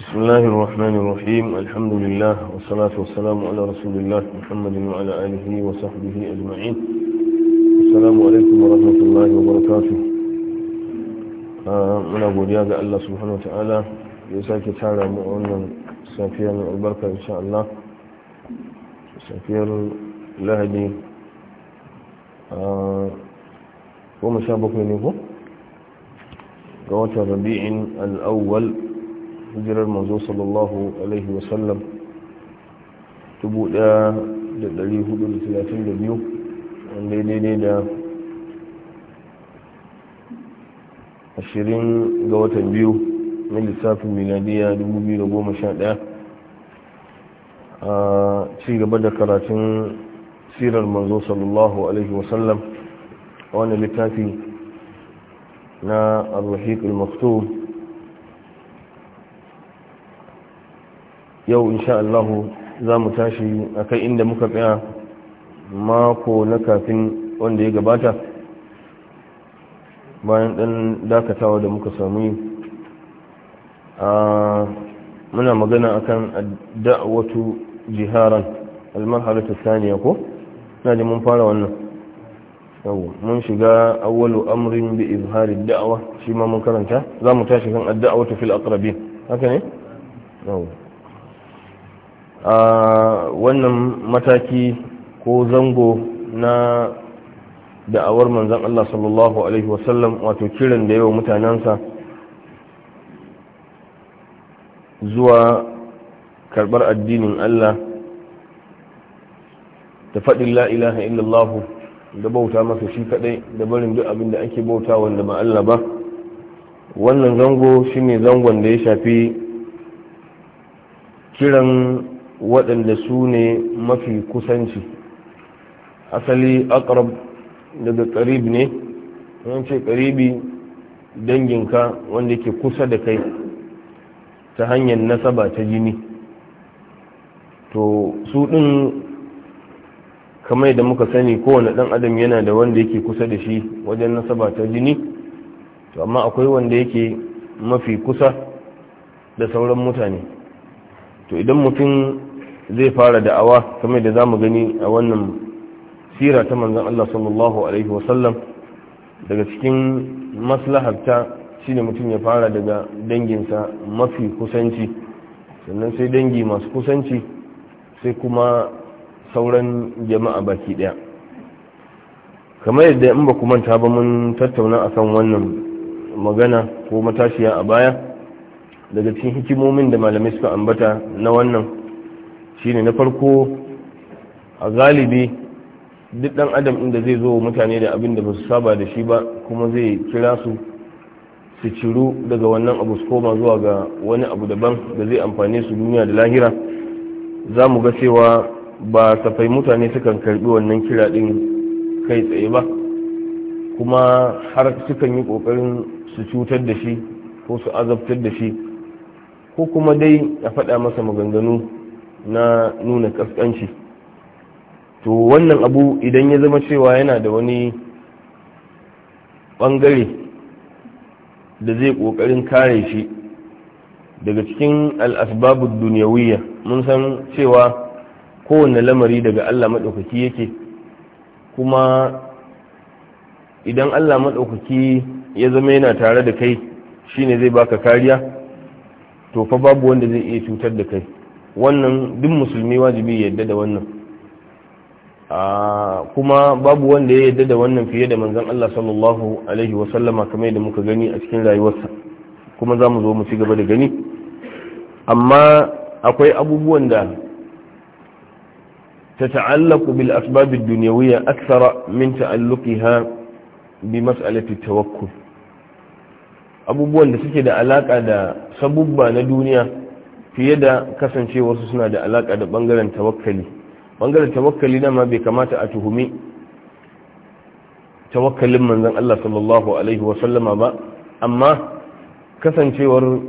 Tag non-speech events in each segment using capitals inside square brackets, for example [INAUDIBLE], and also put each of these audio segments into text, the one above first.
بسم الله الرحمن الرحيم الحمد لله والصلاة والسلام على رسول الله محمد وعلى آله وصحبه أجمعين السلام عليكم ورحمة الله وبركاته من أبو رياض الله سبحانه وتعالى يساك تعالى مؤمنا سافيا البركة إن شاء الله سافيا لهدي ومشابك منه قوة ربيع الأول hijirar manzo sallallahu alaihi wasallam 1432 wanda ne da 20 ga watan biyu na lissafin miladiya 2011 a ci gaba da karatun sirar manzo sallallahu alaihi wasallam a wani littafi na al-rahiq al-maktub yau insha Allah za mu tashi akai inda muka tsaya mako na kafin wanda ya gabata bayan ɗan dakatawa da muka samu yi muna magana akan da'watu jiharan almarhalata saniya ko na ji mun fara wannan mun shiga awwalu amrin bi izhari da'wa shi ma mun karanta za mu tashi kan ad-da'watu fil aqrabin haka ne yau a wannan mataki ko zango na da'awar manzan Allah sallallahu Alaihi wasallam wato kiran da yawa mutanensa zuwa karbar addinin Allah da faɗin la'ilaha illallahu da bauta masa shi kaɗai da barin duk abin da ake bauta wanda ba Allah ba wannan zango shine zangon da ya shafi kiran waɗanda su ne mafi kusanci asali akrab daga karib ne wani ce karibi danginka wanda ke kusa da kai ta hanyar nasaba ta jini to su ɗin kamar da muka sani kowane ɗan adam yana da wanda yake kusa da shi wajen nasaba ta jini to amma akwai wanda yake mafi kusa da sauran mutane to idan mutum zai fara da'awa kamar da zamu gani a wannan sira ta manzon Allah sallallahu alaihi wasallam daga cikin ta shine mutum ya fara daga danginsa mafi kusanci sannan sai dangi masu kusanci sai kuma sauran jama'a baki daya kamar yadda in ba ku manta ba mun tattauna akan wannan magana ko matashiya a baya daga cikin hikimomin da malamai suka ambata na wannan shine na farko a galibi duk dan adam inda zai zo mutane da abin da ba su saba da shi ba kuma zai kira su su ciru daga wannan abu su koma zuwa ga wani abu daban da zai amfane su duniya da lahira za mu ga cewa ba safai mutane sukan karbi wannan kira ɗin kai tsaye ba kuma har sukan yi ƙoƙarin su cutar da shi ko su azabtar da shi ko kuma dai a faɗa masa maganganu na nuna ƙasƙanci to wannan abu idan ya zama cewa yana da wani ɓangare da zai ƙoƙarin kare shi daga cikin al'asbabu duniyawiyya mun san cewa kowane lamari daga allah maɗaukaki yake kuma idan allah maɗaukaki ya zama yana tare da kai shi ne zai baka kariya to fa babu wanda zai iya cutar da kai wannan duk musulmi wajibi ya yadda da wannan kuma babu wanda ya yadda da wannan fiye da manzon Allah sallallahu alaihi wasallama kamar yadda muka gani a cikin rayuwarsa kuma za mu zo mu ci gaba da gani amma akwai abubuwan da ta ta'allaku bil asbabid dunyawiyya akthara min ta'alluqiha bi mas'alati tawakkul abubuwan da suke da alaka da sabubba na duniya fiye da kasancewarsu suna da alaka da bangaren tawakkali bangaren tawakkali dama bai kamata a tuhumi tawakkalin manzon Allah sallallahu alaihi wa ba amma kasancewar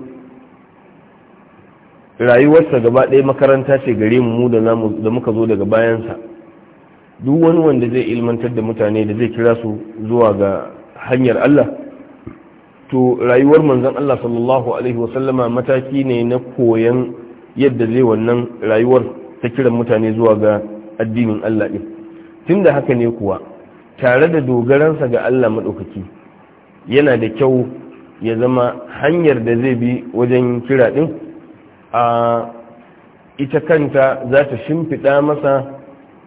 rayuwarsa gaba ɗaya makaranta ce gare mu da muka zo daga bayansa duk wani wanda zai ilmantar da mutane da zai kira su zuwa ga hanyar Allah to rayuwar manzon Allah sallallahu alaihi wasallama mataki ne na koyan yadda zai wannan rayuwar ta kiran mutane zuwa ga addinin Allah din tunda haka ne kuwa tare da dogaransa ga Allah madaukaki yana da kyau ya zama hanyar da zai bi wajen kira din a ita kanta za ta shimfiɗa masa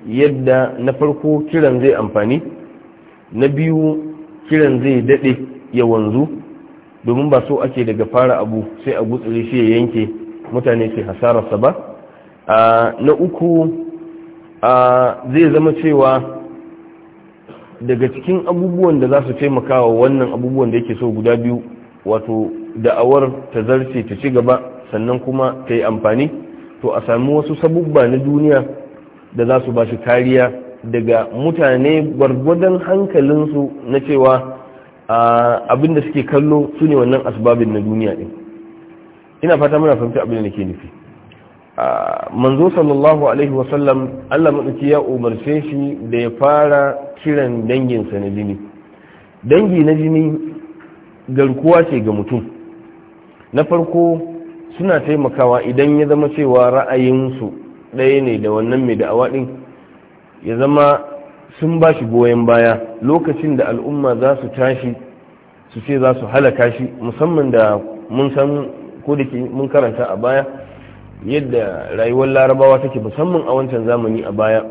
yadda na farko kiran zai amfani na biyu kiran zai daɗe ya wanzu domin ba so ake daga fara abu sai a gutsuri shi ya yanke mutane ke hasararsa ba na uku zai zama cewa daga cikin abubuwan da za su taimaka wa wannan abubuwan da yake so guda biyu wato da'awar ta zarce ta ci gaba sannan kuma ta yi amfani to a sami wasu sabubba na duniya da za su ba shi kariya daga mutane gwargwadon hankalinsu na cewa abin da suke kallo su ne wannan asbabin na duniya din ina fata muna fahimta abin da nake nufi manzo sallallahu alaihi wasallam Allah maɗauki ya umarce shi da ya fara kiran danginsa na jini dangi na jini garkuwa ce ga mutum na farko suna taimakawa idan ya zama cewa ra'ayinsu ɗaya ne da wannan mai da'awa ɗin ya zama sun ba shi goyon baya lokacin da al'umma za su tashi su ce za su halaka shi musamman da mun san ko mun karanta a baya yadda rayuwar larabawa take musamman a wancan zamani a baya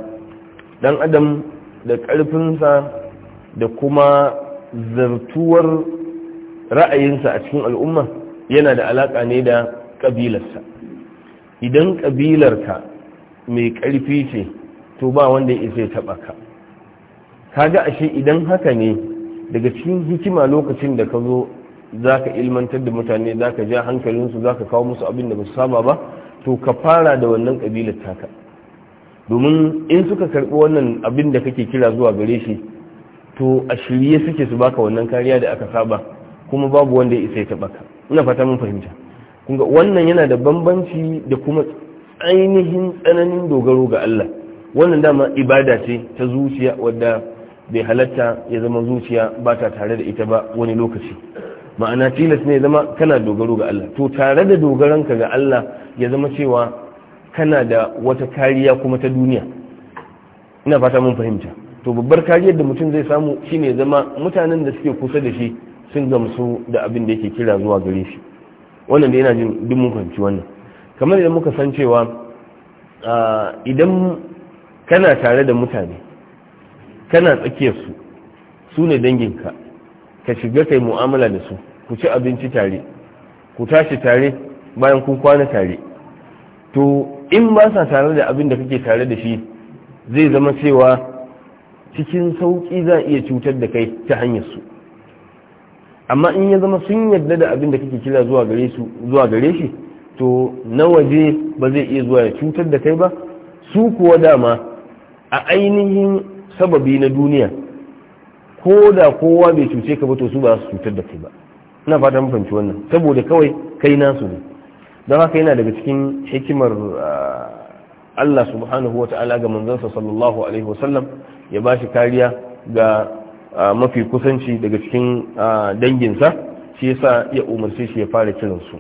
dan adam da ƙarfinsa da kuma zartuwar ra'ayinsa a cikin al'umma yana da alaƙa ne da ƙabilarsa idan ƙabilarka mai ƙarfi ce to ba wanda ya isa ya taɓa ka ka ga ashe idan haka ne daga cikin hikima lokacin da ka zo za ka ilmantar da mutane za ka ja hankalinsu za ka kawo musu abin da ba su saba ba to ka fara da wannan ƙabilar taka domin in suka karɓi wannan abin da kake kira zuwa gare shi to a shirye suke su baka wannan kariya da aka saba kuma babu wanda ya isa ya taɓa ka ina fata mun fahimta kunga wannan yana da bambanci da kuma ainihin tsananin dogaro ga Allah wannan dama ibada ce ta zuciya wadda bai halatta ya zama zuciya ba ta tare da ita ba wani lokaci ma'ana tilas ne zama kana dogaro ga Allah to tare da dogaranka ga Allah ya zama cewa kana da wata kariya kuma ta duniya ina fata mun fahimta to babbar kariyar da mutum zai samu shine zama mutanen da suke kusa da shi sun gamsu da abin da yake kira zuwa gare shi wannan da yana jin duk mun fahimci wannan kamar idan muka san cewa ah, idan kana tare da mutane kana tsakiyarsu su su ne danginka ka shiga kai mu'amala da su ku ci abinci tare ku tashi tare bayan kun kwana tare to in ba sa tare da abin da kake tare da shi zai zama cewa cikin sauƙi za iya cutar da kai ta hanyar su amma in ya zama sun yarda da abin da kake kira zuwa gare zuwa gare shi to na waje ba zai iya zuwa ya cutar da kai ba su kuwa dama a ainihin sababi na duniya ko da kowa bai cuce ka ba su ba su cutar da kai ba ina fatan mafanci wannan saboda kawai kai nasu ne don haka yana daga cikin hikimar ah, Allah subhanahu wa ta'ala ga manzansa sallallahu alaihi wasallam ya ba shi kariya ga ah, mafi kusanci daga cikin ah, danginsa shi yasa ya umarce shi ya fara kiran su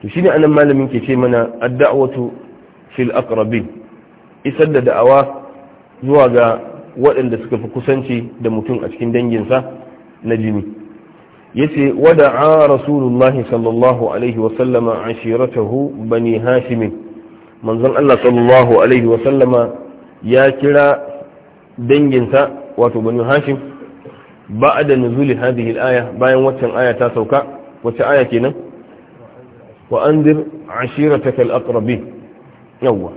to shine anan malamin ke ce mana adda'awatu fil aqrabin isar da da'awa zuwa ga waɗanda suka fi kusanci da mutum a cikin danginsa na jini ya ce wada a rasulullahi sallallahu alaihi wasallama ashiratahu bani hashimin manzon allah sallallahu alaihi wasallama ya kira danginsa wato bani hashim ba da nuzuli hadhihi al-aya bayan waccan aya ta sauka wacce aya kenan wa anzir ashirataka al-aqrabin yawa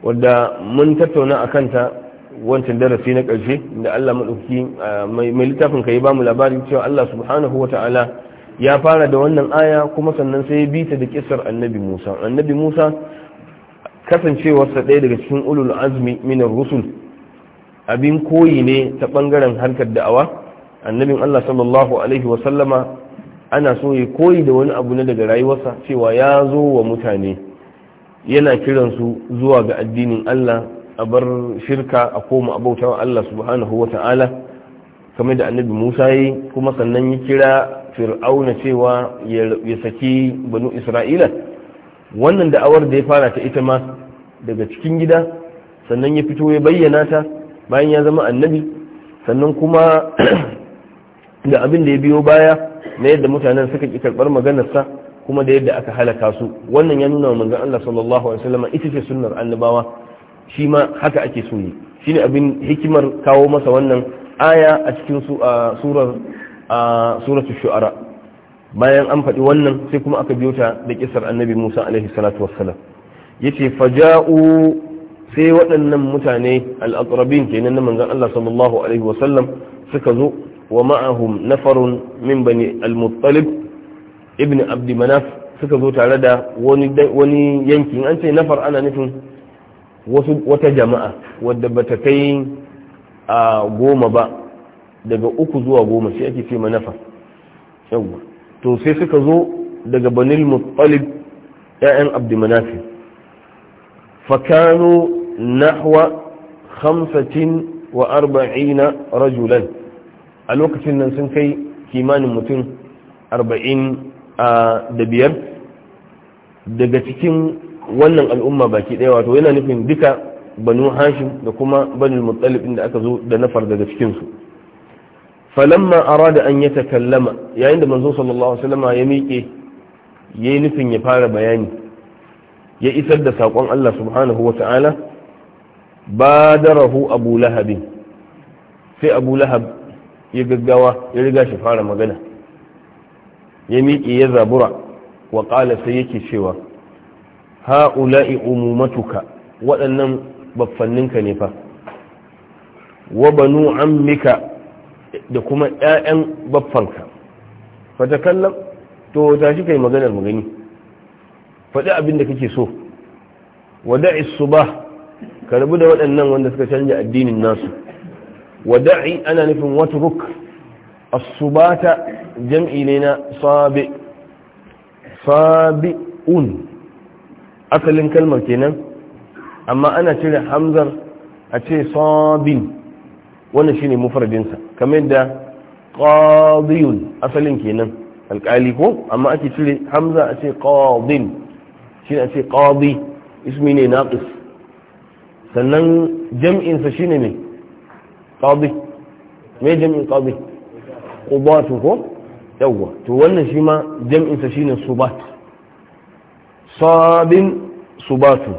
wanda mun tattauna akanta wancan darasi na ƙarshe da Allah maɗauki mai littafin ka yi ba mu labari cewa Allah subhanahu wa ta'ala ya fara da wannan aya kuma sannan sai ya bi ta da kisar annabi Musa annabi Musa kasancewarsa ɗaya daga cikin ulul azmi minar rusul abin koyi ne ta ɓangaren harkar da'awa annabin Allah sallallahu alaihi wa sallama ana so ya koyi da wani abu na daga rayuwarsa cewa ya zo wa mutane yana kiransu zuwa ga addinin Allah a bar shirka a koma a bauta wa Allah subhanahu wa ta'ala kamar da annabi Musa yi kuma sannan ya kira fir'auna cewa ya saki banu Isra'ila wannan da'awar da ya fara ta ita ma daga cikin gida sannan ya fito ya bayyana ta bayan ya zama annabi sannan kuma [CLEARS THROAT] da abin da ya biyo baya na yadda mutanen suka ƙi karɓar maganarsa kuma da yadda aka halaka su wannan ya nuna wa manzon Allah sallallahu alaihi wasallam ita ce sunnar annabawa shi ma haka ake so shine abin hikimar kawo masa wannan aya a cikin surar shu'ara bayan an faɗi wannan sai kuma aka biyo ta da kisar annabi musa alaihi salatu wassalam yace faja'u sai waɗannan mutane al kenan na manzon Allah sallallahu alaihi wasallam suka zo wa ma'ahum nafarun min bani al-muttalib ibn abdi manaf suka zo tare da wani wani yankin an ce nafar ana nufin wasu wata jama'a wadda ba ta kai a goma ba daga uku zuwa goma shi ake ce manafa yawwa to sai suka zo daga banil muttalib ya'yan abdu manafi fakano nahwa khamsatin wa arba'ina rajulan a lokacin nan sun kai kimanin mutum arba'in da biyar daga cikin wannan al'umma baki ɗaya wato yana nufin duka banu hashim da kuma banul muttalib inda aka zo da nafar daga cikin su falamma arada an ya takallama yayin da manzo sallallahu alaihi wasallam ya miƙe yayi nufin ya fara bayani ya isar da saƙon Allah subhanahu wata'ala badarahu abu lahab sai abu lahab ya gaggawa ya riga shi fara magana ya miƙe ya zabura wa ƙala sai yake cewa ha'ula'i umumatuka waɗannan baffanninka ne fa wa banu ammika da kuma ƴaƴan baffanka kallon to tashi kai maganar magani gani faɗi abin da kake so wada'i subah ka da waɗannan wanda suka canja addinin nasu wada'i ana nufin watruk as-subata jam'i ne na sabi un. asalin kalmar kenan amma ana cire hamzar a ce sabin wannan shine mufradinsa kamar da qadiyun asalin kenan alkali ko amma ake cire hamza a ce qadin shine a ce qadi ismi ne naqis sannan jam'insa shine ne qadi me jam'in qadi qubatu ko yawwa to wannan shi ma jam'insa shine subat sabin subatu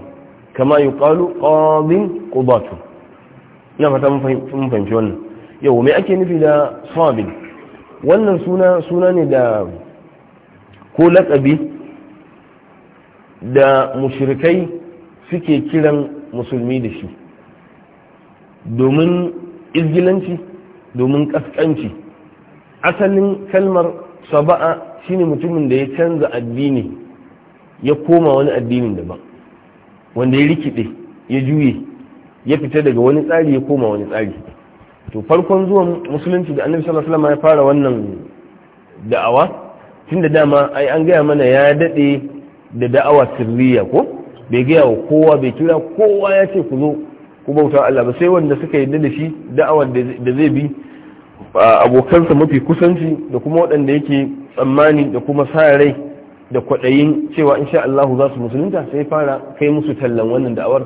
kama yi kalu ƙabin ƙubatu na mun fahimci wannan yau mai ake nufi da sabin wannan suna suna ne da ko laƙabi da mushirikai suke kiran musulmi da shi domin izgilanci domin ƙasƙanci asalin kalmar saba'a shine mutumin da ya canza addini ya koma wani addinin daban wanda ya rikide ya juye ya fita daga wani tsari ya koma wani tsari to farkon zuwan musulunci da annabi sallallahu alaihi wasallam ya fara wannan da'awa tunda dama ai an gaya mana ya dade da da'awa sirriya ko bai gaya wa kowa bai kira kowa ya ce ku zo ku bauta Allah ba sai wanda suka yarda da shi da'awar da zai bi abokansa mafi kusanci da kuma waɗanda yake tsammani da kuma sa rai da kwaɗayin cewa insha Allah za su musulunta sai fara kai musu tallan wannan da'awar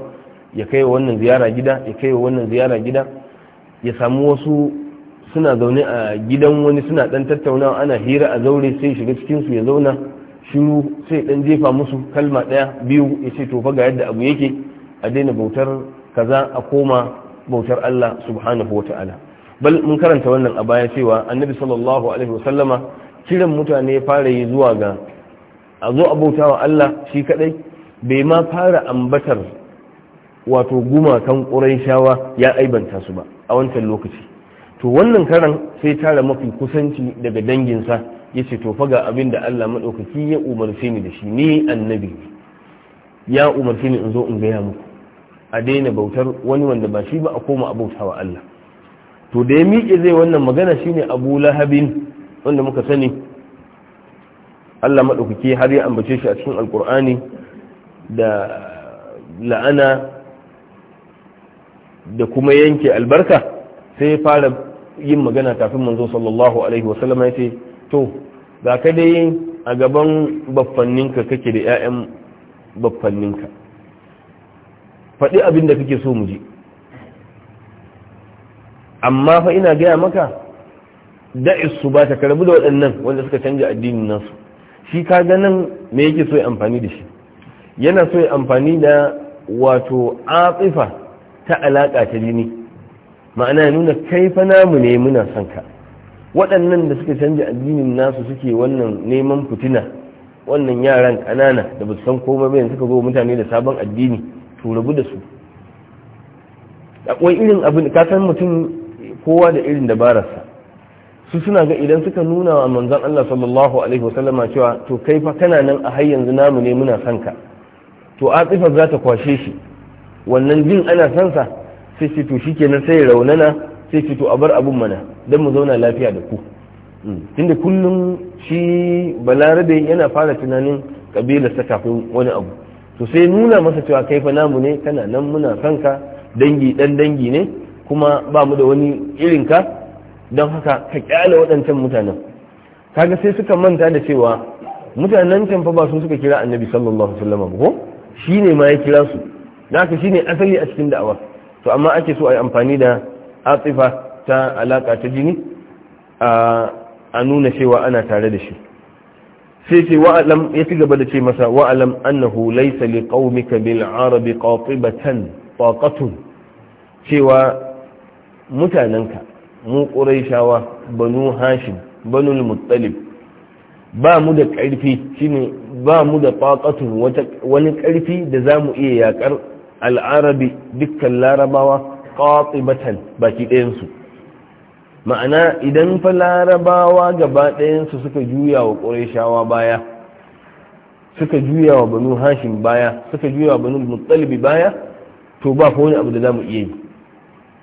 ya kai wannan ziyara gida ya kai wannan ziyara gida ya samu wasu suna zaune a gidan wani suna dan tattaunawa ana hira a zaure sai shiga cikin su ya zauna shiru sai dan jefa musu kalma daya biyu ya ce to fa ga yadda abu yake a daina bautar kaza a koma bautar Allah subhanahu wataala bal mun karanta wannan a baya cewa annabi sallallahu alaihi wasallama kiran mutane fara yi zuwa ga a zo abauta wa Allah shi kadai bai ma fara ambatar wato gumakan ƙuraishawa ya aibanta su ba a wancan lokaci to wannan karan sai tara mafi kusanci daga danginsa ya ce to faga abin da Allah maɗaukaki ya umarce ni da shi ni annabi ya umarce ni in zo in gaya muku a daina bautar wani wanda ba shi ba a koma a bauta wa Allah to da ya miƙe zai wannan magana shine abu lahabin wanda muka sani Allah maɗaukaki har ya ambace shi a cikin alkur'ani da la'ana da kuma yanke albarka sai ya fara yin magana kafin manzo sallallahu alaihi sallama ya ce to ga ka dai a gaban baffanninka kake da 'ya'yan baffanninka faɗi abin da kake so mu ji amma fa ina gaya maka da'is su ba ta karbi da waɗannan wanda suka canja addinin nasu shi ka ganin me yake so ya amfani da shi yana so ya amfani da wato atsifa ta alaƙa ta jini ma'ana ya nuna kai fa namu ne muna son ka waɗannan da suka canja addinin nasu suke wannan neman fitina wannan yaran ƙanana da ba su san komai bayan suka zo mutane da sabon addini to rabu da su akwai irin abin ka san mutum kowa da irin dabararsa su suna ga idan suka nuna wa manzon Allah sallallahu alaihi wasallama cewa to kai fa kana nan a har yanzu namu ne muna son ka to atifa za ta kwashe shi wannan jin ana son sa sai ce to shikenan sai raunana sai ce to a bar abun mana dan mu zauna lafiya da ku hmm. tunda kullum shi balarabe yana fara tunanin ta kafin wani abu to sai nuna masa cewa kai fa namu ne kana nan muna son ka dangi dan dangi ne kuma ba mu da wani irin ka don haka ka kyale waɗancan mutanen kaga sai suka manta da cewa mutanen can fa ba su suka kira annabi sallallahu alaihi wasallam ko shine ma ya kira su haka shine asali a cikin da'awa to amma ake so a yi amfani da atifa ta alaka ta jini a nuna cewa ana tare da shi sai ce wa'alam ya ci gaba da ce masa wa'alam annahu laysa liqaumika bil arabi qatibatan taqatun cewa mutanen ka. mu ƙuraishawa banu hashim banu muttalib ba mu da ƙarfi shine ba mu da faƙatun wani ƙarfi da za mu iya yaƙar al'arabi dukkan larabawa ƙaƙibatan baki ɗayansu ma'ana idan fa larabawa gaba ɗayansu suka juya wa ƙuraishawa baya suka juya wa banu hashim baya suka juya wa banu muttalibi baya to ba fa wani abu da za mu iya yi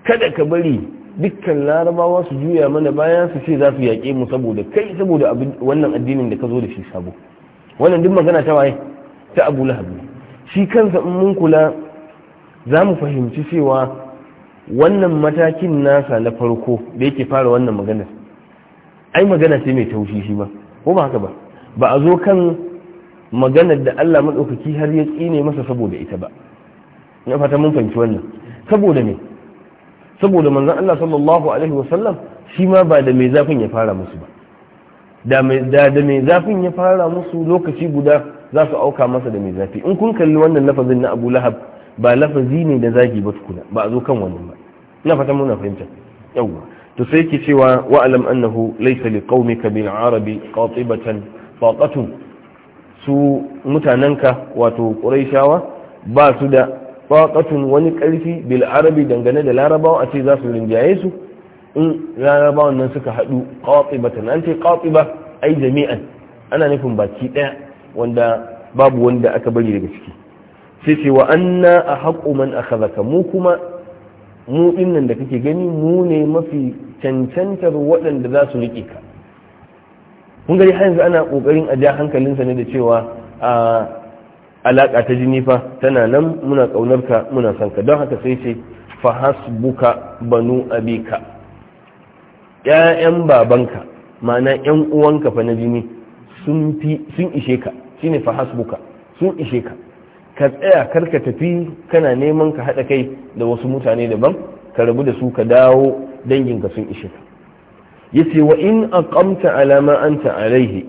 kada ka bari dukkan larabawa su juya mana bayan su ce za su yaƙe mu saboda kai saboda wannan addinin da ka zo da shi sabo wannan duk magana ta waye ta abu lahabi shi kansa in mun kula za mu fahimci cewa wannan matakin nasa na farko da yake fara wannan magana ai magana ce mai taushi shi ba ko ba haka ba ba a zo kan maganar da Allah madaukaki har ya tsine masa saboda ita ba na fata mun fahimci wannan saboda me saboda manzon Allah sallallahu alaihi wasallam shi ma ba da mai zafin ya fara musu ba da da mai zafin ya fara musu lokaci guda za su auka masa da mai zafi in kun kalli wannan lafazin na Abu Lahab ba lafazi ne da zagi ba tukuna ba a zo kan wannan ba ina fatan muna fahimta yawwa to sai ke cewa wa'alam annahu laysa liqaumika bil arabi qatibatan faqatun su mutananka wato quraishawa ba su da faqatun wani karfi bil arabi dangane da larabawa a ce za su rinjaye su in larabawan nan suka hadu qatibatan an ce ba ai jami'an ana nufin baki ɗaya wanda babu wanda aka bari daga ciki sai ce wa anna haƙo man akhadhaka mu kuma mu nan da kake gani mu ne mafi cancantar waɗanda za su ka kun gari har yanzu ana ƙoƙarin a ja hankalinsa ne da cewa a alaka ta jini fa tana nan muna kaunar ka muna son ka don haka sai ce fa hasbuka banu abika ƴaƴan babanka ma'ana ƴan uwanka fa na jini sun fi sun ishe ka shine fa hasbuka sun ishe ka ka tsaya kar ka tafi kana neman ka haɗa kai da wasu mutane daban ka rabu da su ka dawo danginka sun ishe ka yace wa in aqamta ala ma anta alaihi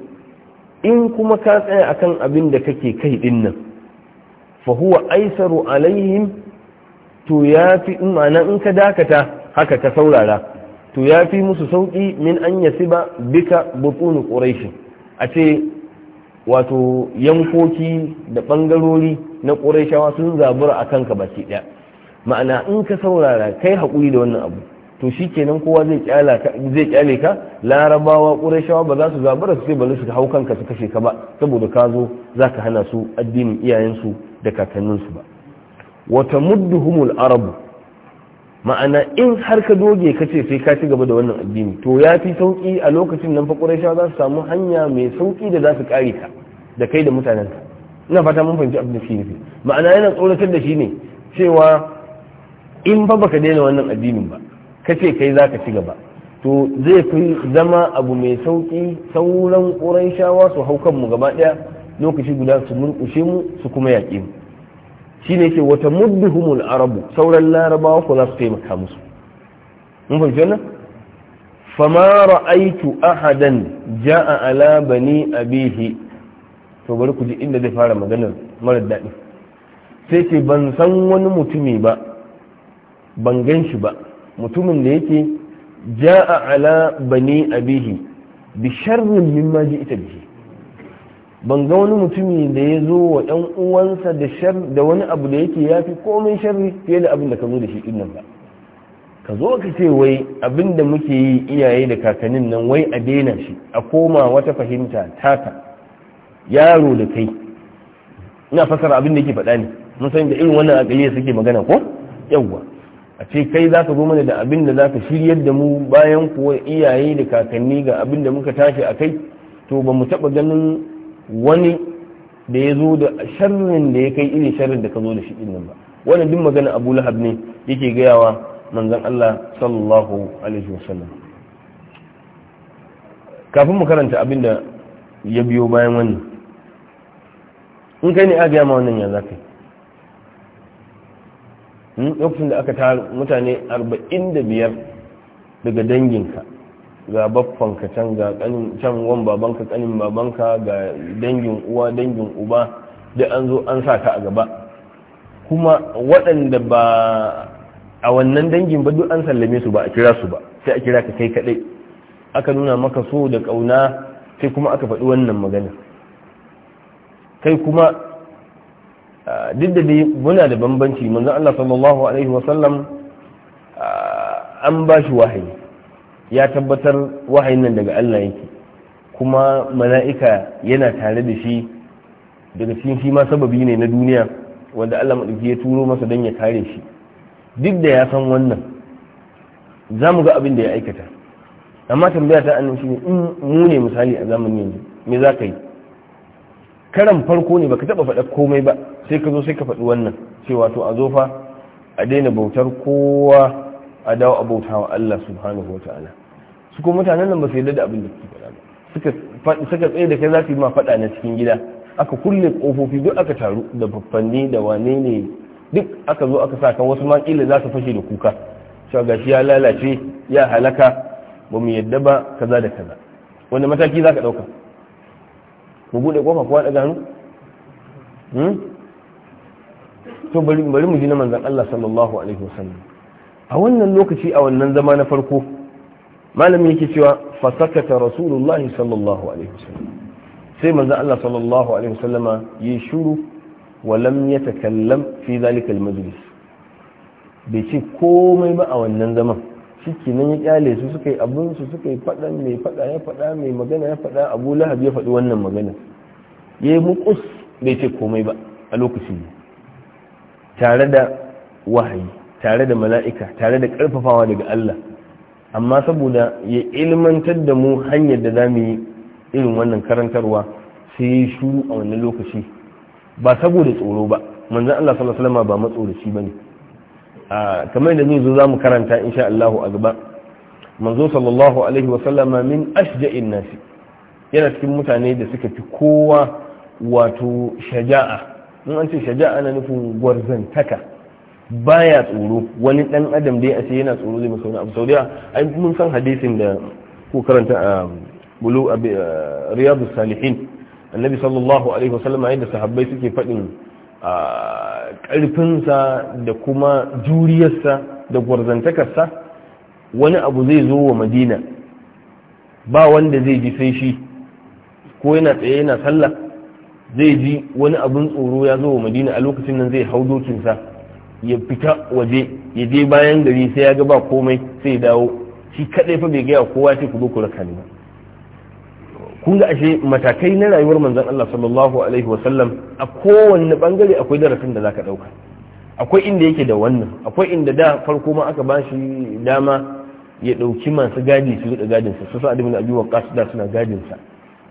in kuma ka tsaya akan abin da kake kai ɗinnan. fa aisaru alaihim to yafi in ma'ana in ka dakata haka ka saurara to fi musu sauƙi min an ba bika bukunu quraish a ce wato yankoki da ɓangarori na ƙuraishawa sun zabura kanka ba baki daya ma'ana in ka saurara kai hakuri da wannan abu to shi kenan kowa zai kyale ka larabawa ƙurashawa ba za su zabura su sai bari su hau kanka su kashe ka ba saboda ka zo za ka hana su addinin iyayensu da kakanninsu ba wata mudduhumul arabu ma'ana in har ka doge ka ce sai ka ci gaba da wannan addini to ya fi sauƙi a lokacin nan fa ƙuraishawa za su samu hanya mai sauƙi da za su kare ka da kai da mutanen ka ina fata mun fahimci abin da shi nufi ma'ana yana tsoratar da shi ne cewa in fa baka daina wannan addinin ba ka ce kai za ka ci gaba to zai fi zama abu mai sauƙi sauran shawa su hau kanmu gaba ɗaya lokaci guda su murkushe mu su kuma yaƙi mu ne ke wata mudduhumul arabu sauran larabawa ko za su taimaka musu mun fahimci wannan fama ra'aitu ahadan ja'a ala bani abihi to bari ku ji inda zai fara maganar marar daɗi sai ce ban san wani mutumi ba ban gan shi ba mutumin da yake ja'a ala bani abihi bi sharrin mimma ji ita bihi ban ga wani mutumi da ya zo wa ɗan uwansa da wani abu da yake ya fi komai sharri fiye da abin da ka zo da shi ɗin ba ka zo ka ce wai abin da muke yi iyaye da kakannin nan wai a daina shi a koma wata fahimta taka yaro da kai ina fasara abin da yake faɗa ne mun san da irin wannan akaliya suke magana ko yawwa a ce kai za ka zo mana da abin da za ka shiryar da mu bayan kuwa iyaye da kakanni ga abin da muka tashi a kai to ba mu taɓa ganin wani da ya zo da sharrin da ya kai irin sharrin da ka zo da shi din nan ba wani duk magana Abu Lahab ne yake gayawa manzon Allah sallallahu alaihi wasallam kafin mu karanta abin da ya biyo bayan wani, in kai ne a gaya ma wannan ya zaka hmm? lokacin da aka tara mutane 45 daga danginka ga ka can ga can wan babanka kanin babanka ga dangin uwa dangin uba duk an zo an sa ka a gaba kuma waɗanda ba a wannan dangin ba duk an sallame su ba a kira su ba sai a kira ka kai kaɗai aka nuna maka so da ƙauna sai kuma aka faɗi wannan magana kai kuma duk da dai muna da bambanci manzon Allah sallallahu alaihi wasallam an ba shi wahayi ya tabbatar wahayin nan daga Allah yake kuma mala'ika yana tare da shi daga cikin shi ma sababi ne na duniya wanda Allah maɗauki ya turo masa don ya kare shi duk da ya san wannan za mu ga abin da ya aikata amma tambaya ta annabi shine in mu ne misali a zamanin yanzu me za ka yi karan farko ne baka taba faɗa komai ba sai ka zo sai ka faɗi wannan cewa to a zo fa a daina bautar kowa a dawo a bautawa Allah subhanahu wa ta'ala su kuma mutanen nan ba su yarda da abin da suke faɗa ba suka tsaye da kai za su yi ma faɗa na cikin gida aka kulle ƙofofi duk aka taru da faffanni da wane ne duk aka zo aka sa kan wasu ma za su fashe da kuka cewa gashi ya lalace ya halaka ba mu yadda ba kaza da kaza wanda mataki za ka ɗauka mu buɗe ƙofa kuwa da gano hmm? to bari mu ji na manzan Allah sallallahu alaihi wasallam a wannan lokaci a wannan zama na farko malamin yake cewa fasakata rasulullahi sallallahu alaihi wasallam sai manzo Allah sallallahu alaihi wasallam yi shuru wa lam yatakallam fi zalika almajlis bai ce komai ba a wannan zaman shike nan ya kyale su suka yi abun su suka yi mai fada ya fada mai magana ya fada Abu Lahab ya faɗi wannan magana yi muqus bai ce komai ba a lokacin tare da wahayi tare da mala'ika tare da karfafawa daga Allah amma saboda ya ilmantar da mu hanyar da za mu yi irin wannan karantarwa sai ya shu a wannan lokaci ba saboda tsoro ba manzan Allah sallallahu alaihi ba matsoraci bane a kamar da zai zo zamu karanta insha Allah a gaba manzo sallallahu alaihi wasallam min ashja'in nasi yana cikin mutane da suka fi kowa wato shaja'a in an ce shaja'a na nufin gwarzantaka baya tsoro wani dan adam dai a ce yana tsoro zai masa abu saudiya ai mun san hadisin da ku karanta a bulu riyadu salihin annabi sallallahu alaihi wasallam yayin da sahabbai suke fadin karfinsa da kuma juriyarsa da gwarzantakarsa wani abu zai zo wa madina ba wanda zai ji sai shi ko yana tsaye yana sallah zai ji wani abun tsoro ya zo wa madina a lokacin nan zai hau dokinsa ya fita waje ya je bayan gari sai ya ga ba komai sai ya dawo shi kadai fa bai gaya kowa sai ku zo ku raka ni ba kun ga ashe matakai na rayuwar manzon Allah sallallahu alaihi wasallam a kowanne bangare akwai darasin da zaka dauka akwai inda yake da wannan akwai inda da farko ma aka bashi dama ya dauki masu gadi su rika gadin sa su sa ibn abi waqqas da suna gadin sa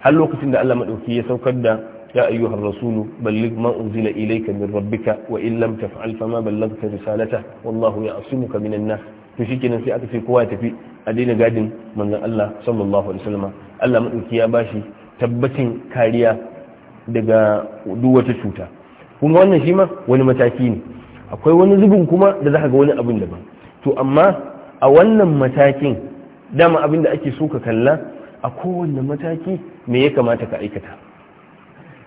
har lokacin da Allah madauki ya saukar da Ya أيها الرسول بلغ ما أنزل إليك من rabbika وإن لم تفعل فما بلغت رسالته والله يعصمك من الناس to shi sai aka ce kowa ya tafi a daina gadin manzon Allah sallallahu alaihi wasallam Allah madauki ya bashi tabbacin kariya daga duwata cuta kuma wannan shi ma wani mataki ne akwai wani zubin kuma da za ga wani abin daban to amma a wannan matakin dama abin da ake so ka kalla a kowanne mataki me ya kamata ka aikata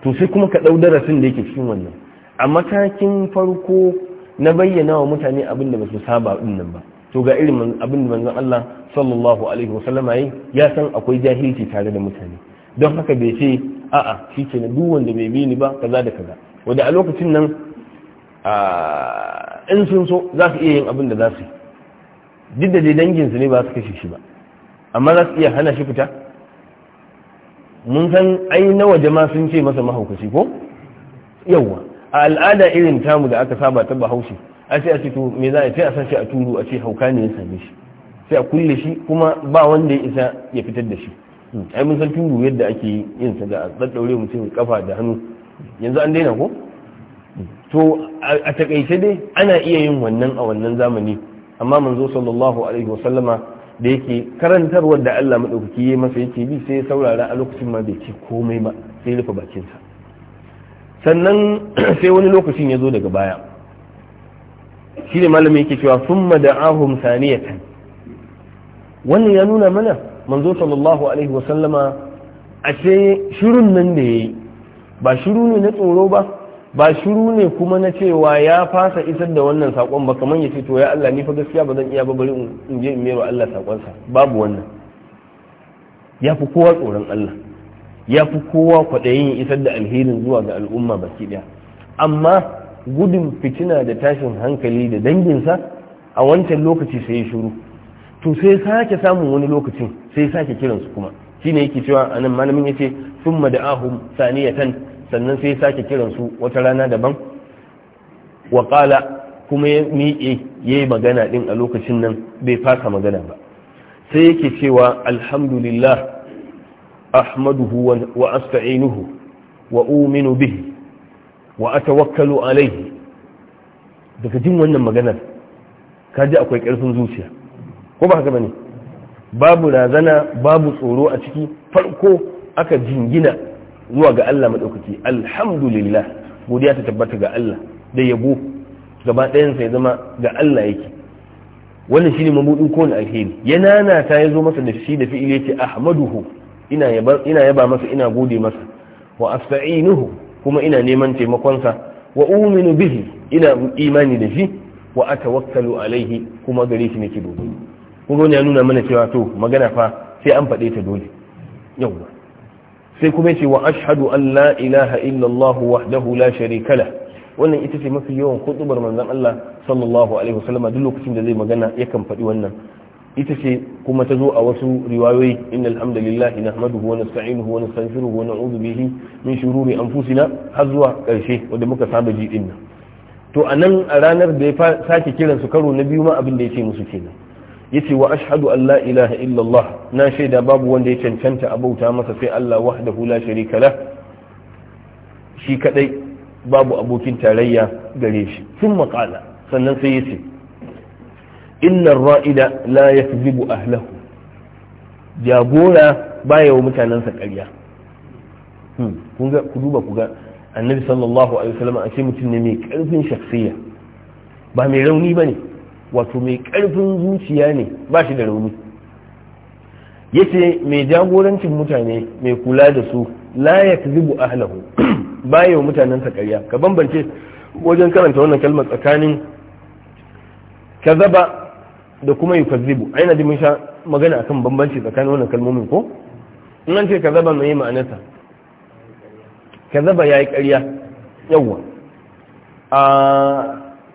to sai kuma ka ɗau darasin da yake cikin wannan a matakin farko na bayyana wa mutane abin da ba su saba din nan ba to ga irin abin da manzon Allah sallallahu alaihi wasallam yayi ya san akwai jahilci tare da mutane don haka bai ce a'a shike na duk wanda bai bi ni ba kaza da kaza wanda a lokacin nan in sun so za su iya yin abin da za su yi duk da dai su ne ba su kashe shi ba amma za su iya hana shi fita mun san ai na waje ma sun ce masa mahaukaci ko yawa a al'ada irin tamu da aka saba ta bahaushe a ce a ce to me za a ce a san shi a turu a ce hauka ne ya same shi sai a kulle shi kuma ba wanda ya isa ya fitar da shi ai mun san turu yadda ake yin sa da a mu sai kafa da hannu yanzu an daina ko to a takaice dai ana iya yin wannan a wannan zamani amma manzo sallallahu alaihi wasallama da yake karantarwar da Allah maɗaukaki ya masa yake bi sai saurara a lokacin ma bai ce komai ba sai rufe bakinsa sannan [CLEARS THROAT] sai wani lokacin ya zo daga baya shi ne malami yake cewa sun mada'ahum saniyatan wannan ya nuna mana manzo sallallahu alaihi wasallama a ce shirin nan da ya yi ba shiru ne na tsoro ba ba shiru ne kuma na cewa ya fasa isar da wannan sakon ba kamar ya ce to ya Allah ni fa gaskiya ba zan iya ba bari in je in mero Allah sakonsa babu wannan ya fi kowa tsoron Allah ya fi kowa kwaɗayin isar da alherin zuwa ga al'umma baki ɗaya amma gudun fitina da tashin hankali da danginsa a wancan lokaci sai ya shiru to sai sake samun wani lokacin sai sake kiransu kuma shine yake cewa anan malamin yace summa da'ahum saniyatan sannan sai sake kiran su wata rana daban wa kuma ya miƙe ya yi magana ɗin a lokacin nan bai fasa magana ba sai yake cewa alhamdulillah ahmaduhu wa asta'inuhu wa uminu bihi wa atawakkalu alaihi daga jin wannan maganar ka ji akwai ƙarfin zuciya ko ba haka ba ne? babu razana babu tsoro a ciki farko aka jingina zuwa ga Allah madaukaki alhamdulillah godiya ta tabbata ga Allah da yabo gaba ɗayansa ya zama ga Allah yake wannan shine mabudin kowane alheri ya nana ta yazo masa da shi da fi'ili yace ahmaduhu ina yaba ina yaba masa ina gode masa wa asta'inuhu kuma ina neman taimakon sa wa uminu bihi ina imani da shi wa atawakkalu alaihi kuma gare shi nake dogaro kun ya nuna mana cewa to magana fa sai an faɗe ta dole yauwa sai kuma ce wa ashhadu an la ilaha illa Allah wahdahu la sharika lah wannan ita ce mafi yawan kutubar manzon Allah sallallahu alaihi wasallam duk lokacin da zai magana yakan faɗi wannan ita ce kuma ta zo a wasu riwayoyi inna alhamdulillahi nahmaduhu wa nasta'inuhu wa nastaghfiruhu wa na'udhu bihi min shururi anfusina har zuwa karshe wanda muka saba ji din nan to anan a ranar da ya sake kiran su karo na biyu ma abin da ya ce musu kenan yace wa ashhadu an la ilaha illallah na shaida babu wanda ya cancanta abauta masa sai Allah wahdahu la sharika kala shi kadai babu abokin tarayya gare shi sun maƙala sannan sai yace illan ra'ida la yakzibu ahlahu jagora baya wa mutanensa ƙarya hmm. kun ga ku duba ku ga annabi sallallahu alaihi wasallam a ce mutum ne mai ƙarfin shakhsiyya ba mai rauni bane wato mai karfin zuciya ne ba shi da rauni ce mai jagorancin mutane mai kula da su la halahu ahlahu [CLEARS THROAT] baya wa mutanensa karya ka bambance wajen karanta wannan kalmar tsakanin kazaba da kuma yi ai a yana sha magana akan bambanci tsakanin wannan kalmomin ko nan ce kazaba mai ma'anarsa kazaba yi ƙarya yawwa a ah,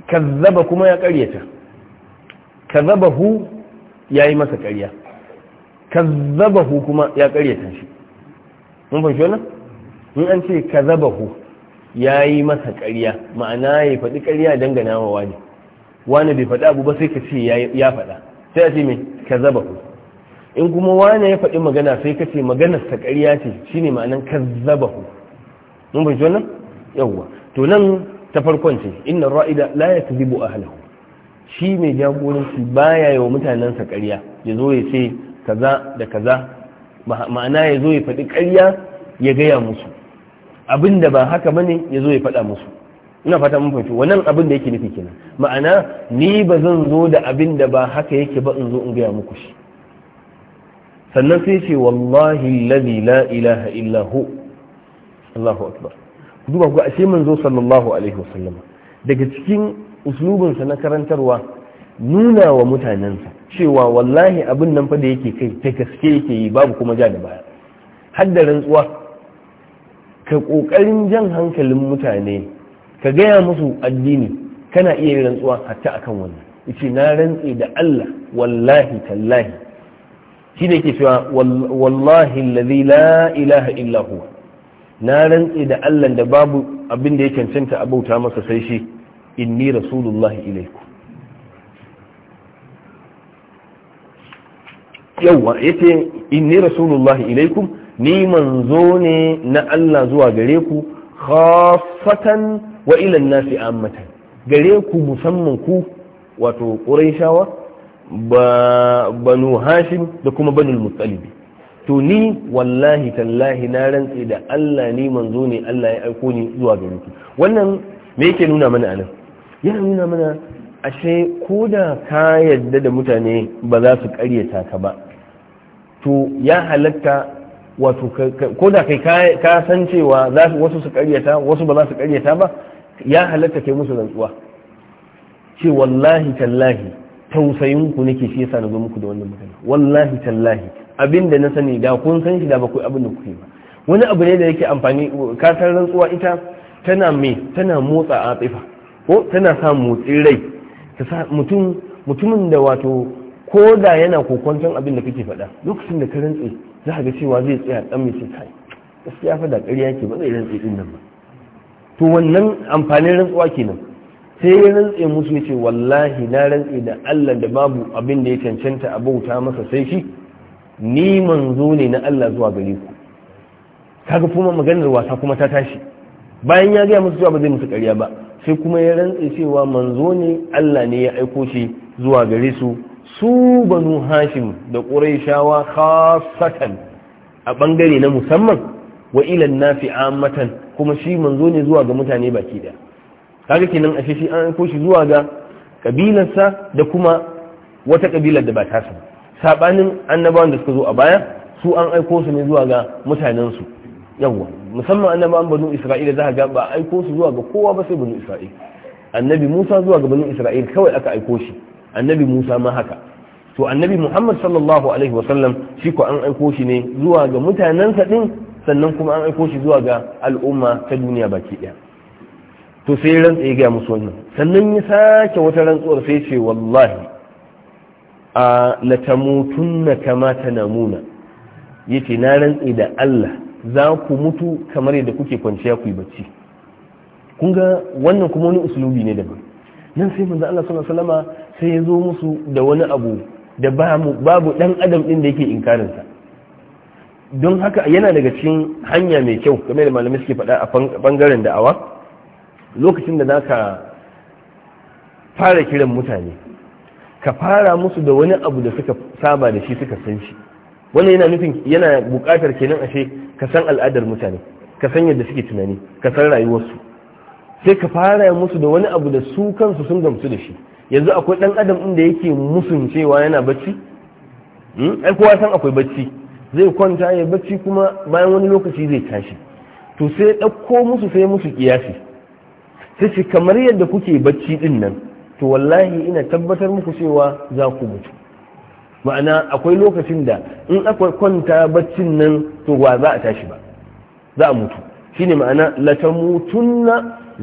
kazaba kuma ya karyata kazabahu yayi masa ƙarya kazzabahu kuma ya ƙaryata shi mun fahimci wannan in an ce kazabahu yayi masa ƙarya ma'ana ya faɗi ƙarya dangana wa wani wani bai faɗi abu ba sai ka ce ya faɗa sai a ce mai kazabahu in kuma wani ya faɗi magana sai ka ce maganar sa ƙarya ce shine ma'anan kazzabahu mun fahimci wannan yawwa to nan ta farkon ce inna ra'ida la yakzibu ahlahu shi mai jagoranci baya yi wa mutanensa karya ya zo ya ce kaza da kaza ma'ana ya zo ya faɗi ƙarya ya gaya musu abin da ba haka bane ya zo ya faɗa musu ina fata mun fahimci wannan abin da yake nufi kenan ma'ana ni ba zan zo da abin da ba haka yake ba in zo in gaya muku shi sannan sai ce wallahi alladhi la ilaha illa hu Allahu akbar duba ku ashe manzo sallallahu alaihi wasallam daga cikin uslubinsa na karantarwa nuna wa mutanensa cewa wallahi abin nan fa da yake kai ta gaske yake yi babu kuma ja da baya har da rantsuwa ka kokarin jan hankalin mutane ka gaya musu addini kana iya yin rantsuwa hatta akan wannan yace na rantsi da Allah wallahi tallahi shi ne yake cewa wallahi alladhi la ilaha illa huwa na rantsi da Allah da babu abin da ya cancanta a bauta masa sai shi inni rasulullahi ilaikum yauwa yace inni rasulullahi ilaikum ni manzo ne na Allah zuwa gare ku khafatan wa ila nasi ammatan gare ku musamman ku wato quraishawa ba banu hashim da kuma banul muttalib to ni wallahi tallahi na rantse da Allah ni manzo ne Allah ya aiko ni zuwa gare ku wannan me yake nuna mana anan Ya nuna mana ashe ko da ka yadda da mutane ba za su karyata ka ba to ya halatta wato ko da kai ka san cewa wasu su karyata wasu ba za su karyata ba ya halatta kai musu rantsuwa ce wallahi tallahi tausayin ku nake shi yasa na zo muku da wannan magana wallahi tallahi Abin da na sani da kun san shi da ba ku abin da kuke ba wani abu ne da yake amfani ka san rantsuwa ita tana me tana motsa a tsifa ko tana sa motsin rai mutumin da wato ko da yana kokwanton abin da kake faɗa lokacin da ka rantse za ka ga cewa zai tsaya dan mai sai kai gaskiya fa da ƙarya ke ba zai rantse din nan ba to wannan amfanin rantsuwa kenan sai ya rantse musu ya ce wallahi na rantse da Allah da babu abin da ya cancanta a bauta masa sai shi ni manzo ne na Allah zuwa gare ku kaga kuma maganar wasa kuma ta tashi bayan ya gaya musu zuwa ba zai musu ƙarya ba sai kuma ya rantse cewa manzo ne Allah ne ya aiko shi zuwa gare su su banu hashim da ƙuraishawa khasatan a ɓangare na musamman wa ilan nafi amatan kuma shi manzo ne zuwa ga mutane baki da kaga kenan ashe shi an aiko shi zuwa ga kabilarsa da kuma wata kabilar da ba ta san sabanin annabawan da suka zo a baya su an aiko su ne zuwa ga mutanensu yawwa musamman an banu isra'ila za ga ba aiko su zuwa ga kowa ba sai banu isra'ila annabi musa zuwa ga banu isra'ila kawai aka aiko shi annabi musa ma haka to annabi muhammad sallallahu alaihi wa sallam shi ko an aiko shi ne zuwa ga mutanensa din sannan kuma an aiko shi zuwa ga al'umma ta duniya baki daya to sai ran tsaye gaya musu wannan sannan ya sake wata rantsuwar sai ce wallahi a latamutunna kama tanamuna yace na rantsi da Allah za ku mutu kamar yadda kuke kwanciya ku yi bacci kun ga wannan kuma wani usulubi ne daban nan sai manzo Allah sallallahu alaihi wasallama sai ya zo musu da wani abu da babu dan adam din da yake inkarin sa don haka yana daga cikin hanya mai kyau kamar da malamai suke faɗa a bangaren da'awa lokacin da zaka fara kiran mutane ka fara musu da wani abu da suka saba da shi suka san shi wannan yana nufin yana buƙatar kenan ashe ka san al'adar mutane ka san yadda suke tunani ka san rayuwarsu sai ka fara musu da wani abu da su kansu sun gamsu da shi yanzu akwai ɗan adam inda yake musun cewa yana bacci hmm? ai kowa san akwai bacci zai kwanta ya bacci kuma bayan wani lokaci zai tashi to sai ɗauko musu sai musu kiyasi sai ce kamar yadda kuke bacci din nan to wallahi ina tabbatar muku cewa za ku mutu ma'ana akwai lokacin da in akwai kwanta baccin nan to wa za a tashi ba za a mutu shine ma'ana latamutunna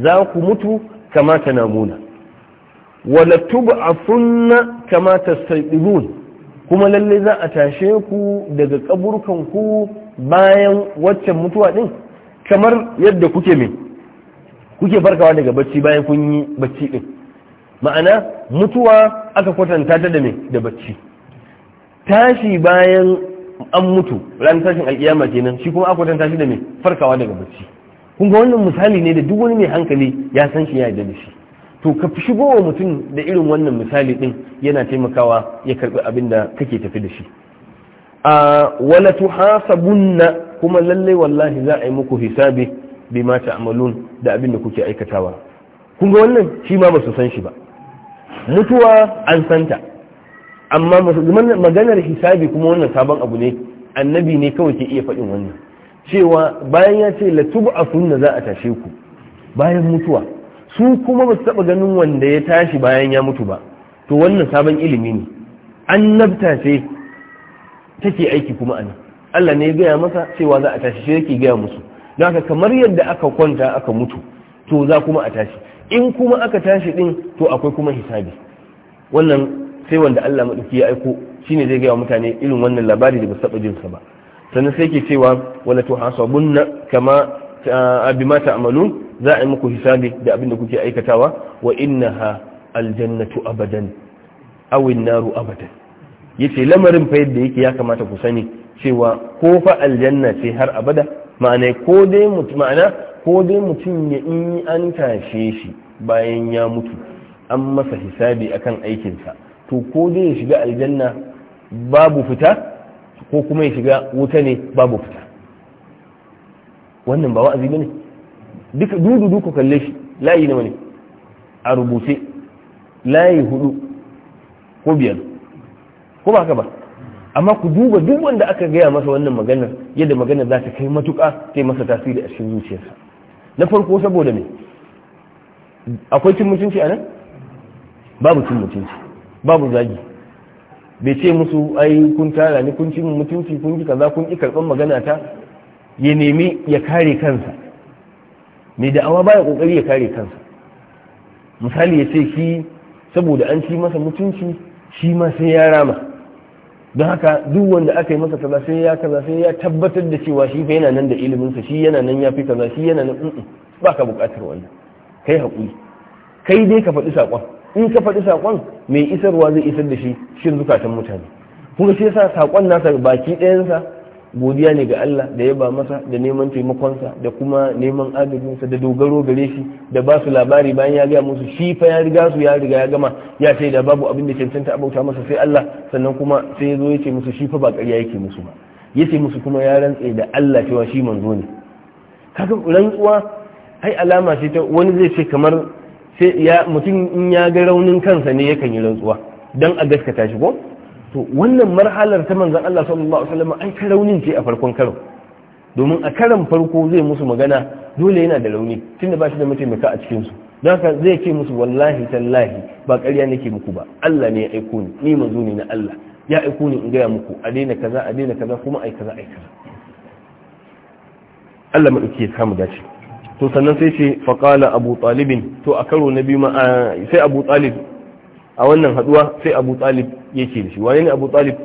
za ku mutu kamata na tanamuna wala tub'athunna kamata tastayqizun kuma lalle za a tashe ku daga kaburkan ku bayan waccan mutuwa din kamar yadda kuke min kuke farkawa daga bacci bayan kun yi bacci din ma'ana mutuwa aka kwatanta ta da me da bacci tashi bayan an mutu ran tashin alkiyama kenan shi kuma akwatan tashi da me farkawa daga bacci kun ga wannan misali ne da duk wani mai hankali ya san shi ya yi da shi to ka fi wa mutum da irin wannan misali din yana taimakawa ya karɓi abin da kake tafi da shi a wala tuhasabunna kuma lalle wallahi za a yi muku hisabi ma ta'malun da abin da kuke aikatawa kun ga wannan shi ma ba su san shi ba mutuwa an santa amma maganar hisabi kuma wannan sabon abu ne annabi ne kawai ke iya faɗin wannan cewa bayan ya ce latubu a sunna za a tashe ku bayan mutuwa su kuma ba su taɓa ganin wanda ya tashi bayan ya mutu ba to wannan sabon ilimi ne annabta ce take aiki kuma anan Allah ne ya gaya masa cewa za a tashi shi yake gaya musu don haka kamar yadda aka kwanta aka mutu to za kuma a tashi in kuma aka tashi din to akwai kuma hisabi wannan sai wanda Allah madauki ya aiko shine zai gaya mutane irin wannan labari da ba saba jin sa ba sannan sai ke cewa wala tuhasabunna kama abima ta'malun za a yi muku hisabi da abin da kuke aikatawa wa innaha aljannatu abadan aw naru abadan yace lamarin fa yadda yake ya kamata ku sani cewa ko fa aljanna ce har abada ma'ana ko dai mutum ma'ana ko dai mutum ya in an tashe shi bayan ya mutu an masa hisabi akan aikinsa to ko dai ya shiga aljanna babu fita ko kuma ya shiga wuta ne babu fita wannan ba wa'azi bane duka dudu duka kalle shi layi nawa ne a rubuce layi hudu ko biyar ko ba haka ba amma ku duba duk wanda aka gaya masa wannan maganar yadda maganar za ta kai matuƙa ta masa tasiri a cikin zuciyarsa na farko saboda me akwai cin mutunci a nan babu cin mutunci babu zagi bai ce musu ai kun tara ni kun ci mutunci kun ji kaza kun ki karban magana ta ya nemi ya kare kansa mai da'awa baya kokari ya kare kansa misali ya ce shi saboda an ci masa mutunci shi ma sai ya rama don haka duk wanda aka yi masa kaza sai ya kaza sai ya tabbatar da cewa shi fa yana nan da ilimin sa shi yana nan ya fi kaza shi yana nan ba ka bukatar wannan kai hakuri kai dai ka faɗi saƙon in ka faɗi saƙon mai isarwa zai isar da shi shin zukatan mutane kuma shi yasa saƙon nasa baki ɗayansa godiya ne ga Allah da ya ba masa da neman taimakonsa da kuma neman agajinsa da dogaro gare shi da ba su labari bayan ya gaya musu shi fa ya riga su ya riga ya gama ya ce da babu abin da cancanta a bauta masa sai Allah sannan kuma sai ya zo ya ce musu shi fa ba ƙarya yake musu ba ya ce musu kuma ya rantse da Allah cewa shi manzo ne kaga rantsuwa ai alama ce ta wani zai ce kamar sai ya mutum in ya ga raunin kansa ne yakan yi rantsuwa dan a gaskata shi ko to wannan marhalar ta manzon Allah sallallahu alaihi wasallam ai ka raunin ce a farkon karo domin a karan farko zai musu magana dole yana da rauni tunda ba shi da mataimaka a cikin su don haka zai ce musu wallahi tallahi ba karya nake muku ba Allah ne ya aiko ni ni ne na Allah ya aiko ni in gaya muku a daina kaza a daina kaza kuma ai kaza ai kaza Allah ya samu dace to sannan sai ce faƙala abu talibin to a karo na biyu sai abu talib a wannan haduwa sai abu talib yake da shi wani ne abu talib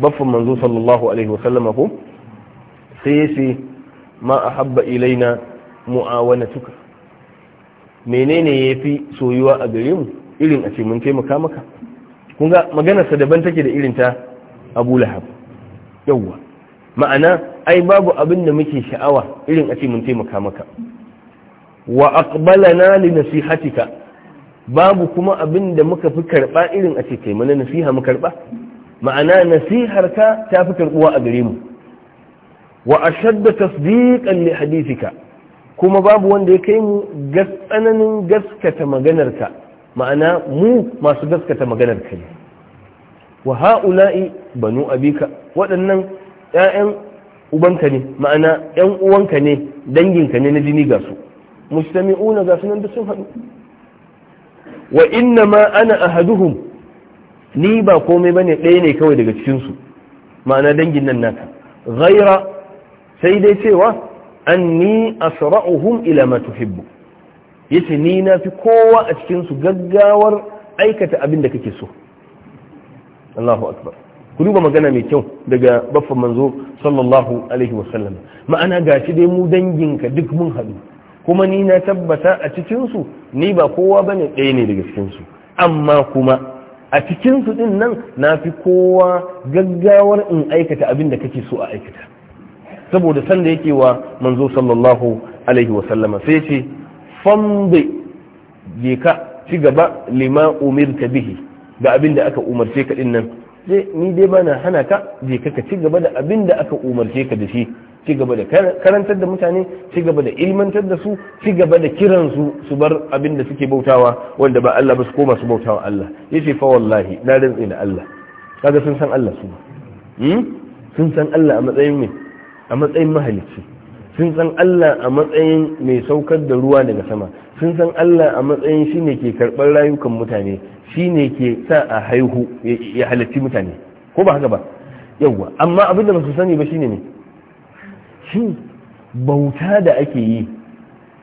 baffan manzo sallallahu alaihi wasallama ko sai ya ma a habba ilaina suka menene ya fi soyuwa a gare mu irin a ce mun taimaka maka kunga maganarsa daban take da irin ta abu lahab yawwa ma'ana ai babu abin da muke sha'awa irin a ce mun taimaka maka wa aqbalana li nasihatika babu kuma abin da muka fi karba irin a ce kai mana nasiha mu karba ma'ana nasihar ka ta fi karbuwa a gare mu wa ashadda tasdiqan li hadithika kuma babu wanda ya kai mu tsananin gaskata maganarka ma'ana mu masu gaskata ka ne wa ha'ula'i banu abika waɗannan 'ya'yan ubanka ne ma'ana yan uwanka ne danginka ne na jini ga su mustami'una ga sunan da sun haɗu wa inna ma ana ahaduhum ni ba komai bane ɗaya ne kawai daga cikin su ma'ana dangin nan naka ghaira sai dai cewa anni asra'uhum ila ma tuhibbu yace ni na fi kowa a cikin su gaggawar aikata abin da kake so Allahu akbar ku duba magana mai kyau daga baffa manzo sallallahu alaihi wasallam ma'ana gashi dai mu danginka duk mun haɗu kuma ni na tabbata a cikinsu ni ba kowa bane ɗaya ne daga cikinsu amma kuma a cikinsu ɗin nan na fi kowa gaggawar in aikata abin da kake so a aikata saboda san da yake wa manzo sallallahu alaihi wasallama sai ce fambe je ka ci gaba lima umirta bihi ga abin da aka umarce ka ɗin sai ni dai bana hana ka je ka ci gaba da abin da aka umarce ka da shi ci gaba da karantar da mutane ci gaba da ilmantar da su ci gaba da kiran su su bar abin da suke bautawa wanda ba Allah ba su koma su bautawa Allah yace fa wallahi na rantsi da Allah kaga sun san Allah su hmm? sun san Allah a matsayin me a matsayin mahalicci sun san Allah a matsayin mai saukar da ruwa daga sama sun san Allah a matsayin shi ne ke karɓar rayukan mutane shi ne ke sa a haihu ya halarci mutane ko ba haka ba yawwa amma abin da ba su sani ba shi ne ne shi bauta da ake yi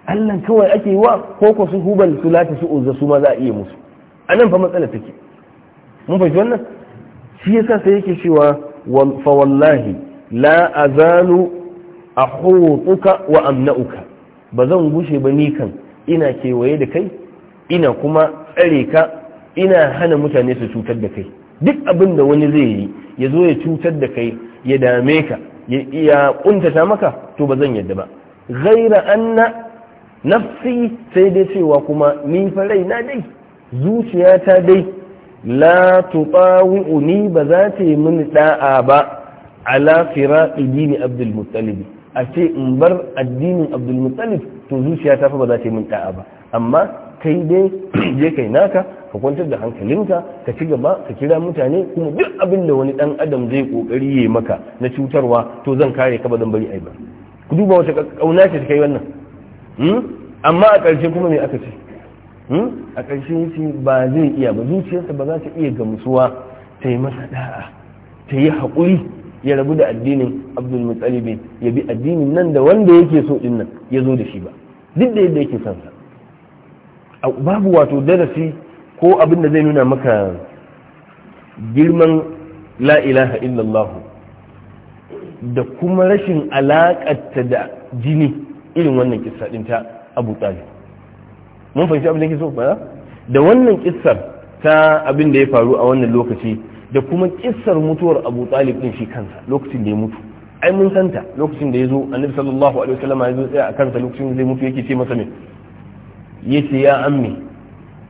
Allah kawai ake yi wa ko ko su hubal su lati su uzza su ma za a iya musu a nan fa matsala take mun fahimci wannan shi yasa sai yake cewa fa wallahi la azalu a hotuka wa amna'uka ba zan gushe ba ni kan ina kewaye da kai ina kuma tsare ka ina hana mutane su cutar da kai duk abin da wani zai yi ya zo ya cutar da kai ya dame ka ya kuntata maka to ba zan yadda ba zaira anna nafsi sai dai cewa kuma ni farai na dai zuciya ta dai la uni ba za ta yi mini ɗa'a ba ala firaɗi dini abdul a ce in bar addinin abdulmutsalif to zuciya ta fa ba za ta yi min da'a ba amma kai dai [CLEARS THROAT] je kai naka ka kwantar da hankalinka ka ci gaba ka kira mutane kuma duk abin da wani dan adam zai kokari yayi maka na cutarwa to zan kare ka ba zan bari ai ba ku duba wata kauna ce ta kai wannan hmm? amma a ƙarshe kuma me aka ce hmm? a ƙarshe ce ba zai iya ba zuciyarsa ba za ta iya gamsuwa ta yi masa da'a ta yi haƙuri ya rabu da addinin abdul mutsalibin ya bi addinin nan da wanda yake so din nan ya zo da shi ba duk da yadda yake sansa babu wato darasi ko abin da zai nuna maka girman la ilaha illallah da kuma rashin alaƙarta da jini irin wannan kissa din ta abu talib mun fahimci abin da yake so ba da wannan kissar ta abin da ya faru a wannan lokaci da kuma kissar mutuwar abu talib din shi kansa lokacin da ya mutu ai mun santa lokacin da ya zo annabi sallallahu alaihi wasallam ya zo tsaya a kansa lokacin da zai mutu yake ce masa me yace ya ammi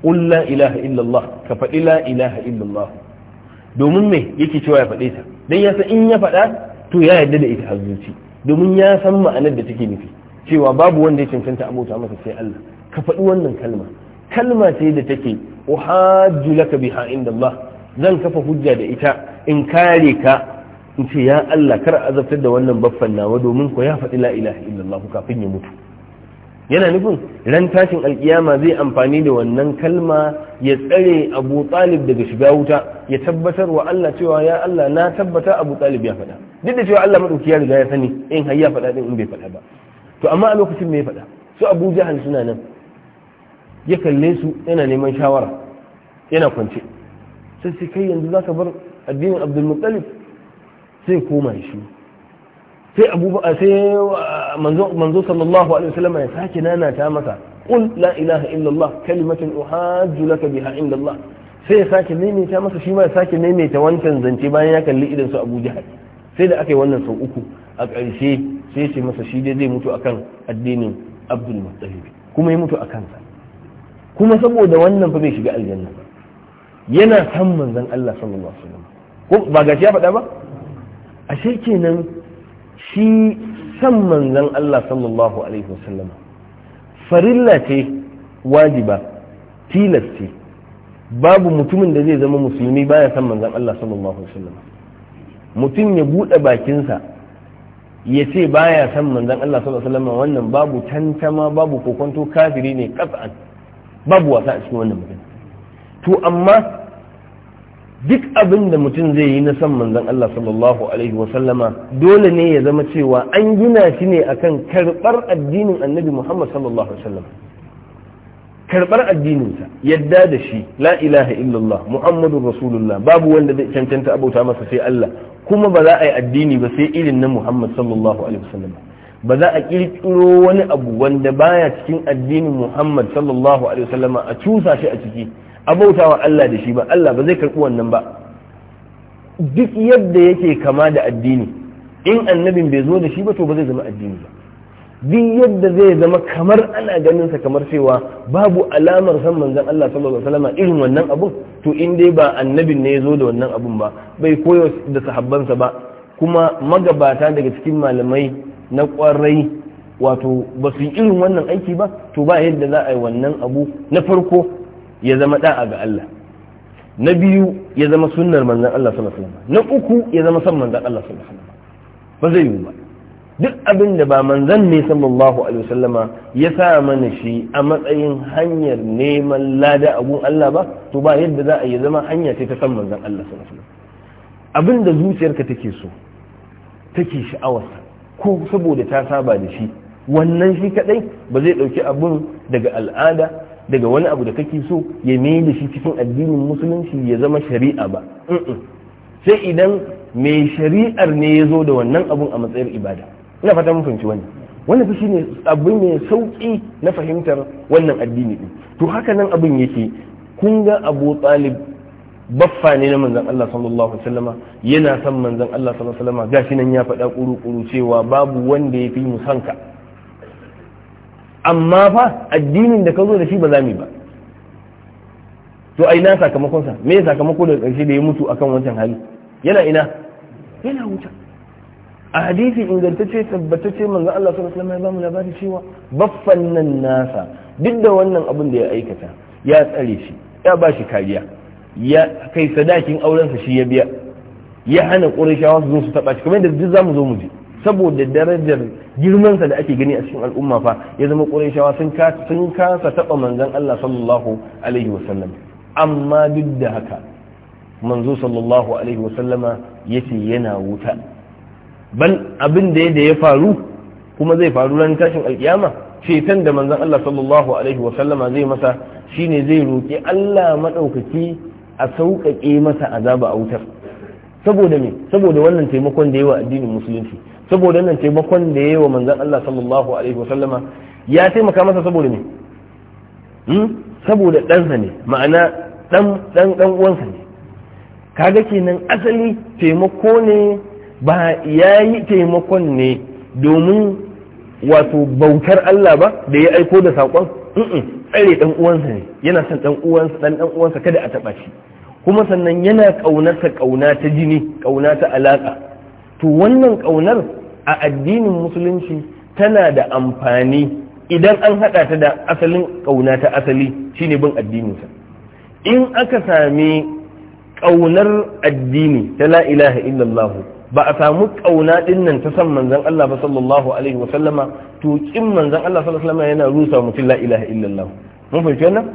qul la ilaha illallah ka faɗi la ilaha illallah domin me yake cewa ya faɗe ta dan ya san in ya faɗa to ya yarda da ita hazuci domin ya san ma'anar da take nufi cewa babu wanda ya cancanta abota masa sai Allah ka faɗi wannan kalma kalma ce da take uhajju laka biha inda Allah zan kafa hujja da ita in kare ka in ce ya Allah kar azabtar da wannan baffan nawa domin ko ya faɗi la ilaha illallah kafin ya mutu yana nufin ran tashin alkiyama zai amfani da wannan kalma ya tsare abu talib daga shiga wuta ya tabbatar wa Allah cewa ya Allah na tabbata abu talib ya faɗa duk da cewa Allah maɗauki ya riga ya sani in har ya faɗa din in bai faɗa ba to amma a lokacin me ya faɗa su abu jahal suna nan ya kalle su yana neman shawara yana kwance sai sai kai yanzu ka bar addinin abdulmuttalib sai koma shi sai abubakar sai ah, manzo sallallahu alaihi wasallam ya sake nanata masa qul la ilaha illallah kalimatun uhajju laka biha inda Allah sai ya sake maimaita masa shi ma ya sake maimaita wancan zance bayan ya kalli idan su Abu Jahal sai da aka yi wannan sau uku a ƙarshe sai ce masa shi dai zai mutu akan addinin Abdul Muttalib kuma ya mutu akan sa kuma saboda wannan fa bai shiga aljanna ba yana san manzan Allah sallallahu alaihi wasallam ko ba gashi ya faɗa ba ashe kenan shi san manzan Allah sallallahu alaihi wasallam farilla ce wajiba tilas ce babu mutumin da zai zama musulmi baya san manzan Allah sallallahu alaihi wasallam mutum ya buɗe bakinsa ya ce baya san manzan Allah sallallahu alaihi wasallam wannan babu tantama babu kokonto kafiri ne kafa babu wasa a cikin wannan mutum to amma duk abin da mutum zai yi na san manzon Allah sallallahu alaihi wasallama dole ne ya zama cewa an gina shi ne akan karɓar addinin annabi Muhammad sallallahu alaihi wasallam karɓar addininsa yadda da shi la ilaha illallah muhammadun rasulullah babu wanda zai cancanta abota masa sai Allah kuma ba za a yi addini ba sai irin na Muhammad sallallahu alaihi wasallam ba za a kirkiro wani abu wanda baya cikin addinin Muhammad sallallahu alaihi wasallama a cusa shi a ciki a wa Allah da shi ba Allah ba zai karɓi wannan ba duk yadda yake kama da addini in annabin bai zo da shi ba to ba zai zama addini ba duk yadda zai zama kamar ana ganin sa kamar cewa babu alamar san manzon Allah sallallahu alaihi wasallam irin wannan abun to in dai ba annabin ne ya zo da wannan abun ba bai koyo da sahabbansa ba kuma magabata daga cikin malamai na kwarai wato ba su yi irin wannan aiki ba to ba yadda za a yi wannan abu na farko ya zama da'a ga Allah na biyu ya zama sunnar manzan Allah sallallahu alaihi wasallam na uku ya zama san manzan Allah sallallahu alaihi wasallam ba zai yi ba duk abin da ba manzan ne sallallahu alaihi wasallama ya sa mana shi a matsayin hanyar neman lada abun Allah ba to ba yadda za a yi zama hanya ce ta san manzan Allah sallallahu alaihi wasallam abin da zuciyarka take so take sha'awarsa ko saboda ta saba da shi wannan shi kadai ba zai dauki abun daga al'ada daga wani abu da kake so ya mai da shi cikin addinin musulunci ya zama shari'a ba sai idan mai shari'ar ne ya zo da wannan abun a matsayar ibada ina fata mun fahimci wannan wannan shi ne abu mai sauƙi na fahimtar wannan addini din to haka nan abin yake kun ga abu talib baffa ne na manzon Allah sallallahu alaihi wasallama yana son manzon Allah sallallahu alaihi wasallama gashi nan ya faɗa kuru kuru cewa babu wanda ya fi musanka amma fa addinin da ka zo da shi ba za mu ba to a ina sakamakonsa me sakamako da ƙarshe da ya mutu akan wancan hali yana ina yana wuta a hadisi ingantacce tabbatacce manzo Allah sallallahu alaihi wasallam ya bamu labari cewa baffan nan nasa duk da wannan abin da ya aikata ya tsare shi ya ba shi kariya ya kai sadakin aurensa shi ya biya ya hana ƙurashawa su zo su taɓa shi kamar da duk za mu zo mu je saboda darajar girmansa da ake gani a cikin al'umma fa ya zama ƙurayshawa sun sun kasa taɓa manzon Allah sallallahu alaihi wasallam amma duk da haka manzo sallallahu alaihi wasallama yace yana wuta bal abin da ya faru kuma zai faru ran tashin alkiyama ceton da manzan Allah sallallahu alaihi wasallama zai masa shine zai roki Allah madaukaki a sauƙaƙe masa azaba a wutar saboda me saboda wannan taimakon da yawa addinin musulunci saboda nan taimakon da yayi wa manzan Allah sallallahu alaihi wasallama ya taimaka masa saboda ne hmm? saboda ɗansa ne ma'ana ɗan ɗan uwansa ne kaga kenan asali taimako ne ba ya yi taimakon ne domin wato bautar Allah ba da ya aiko da saƙon tsare ɗan uwansa ne yana son ɗan uwansa ɗan ɗan uwansa kada a taɓa shi kuma sannan yana ƙaunarsa ƙauna ta jini ƙauna ta alaƙa to wannan ƙaunar a addinin musulunci tana da amfani idan an haɗa ta da asalin ƙauna ta asali shine bin addininsa in aka sami ƙaunar addini ta la ilaha illallahu ba a samu ƙauna ɗin nan ta san manzan Allah ba sallallahu alaihi wa sallama to kin manzan Allah sallallahu alaihi wa sallama yana rusa mutum la ilaha illallah mun fahimci wannan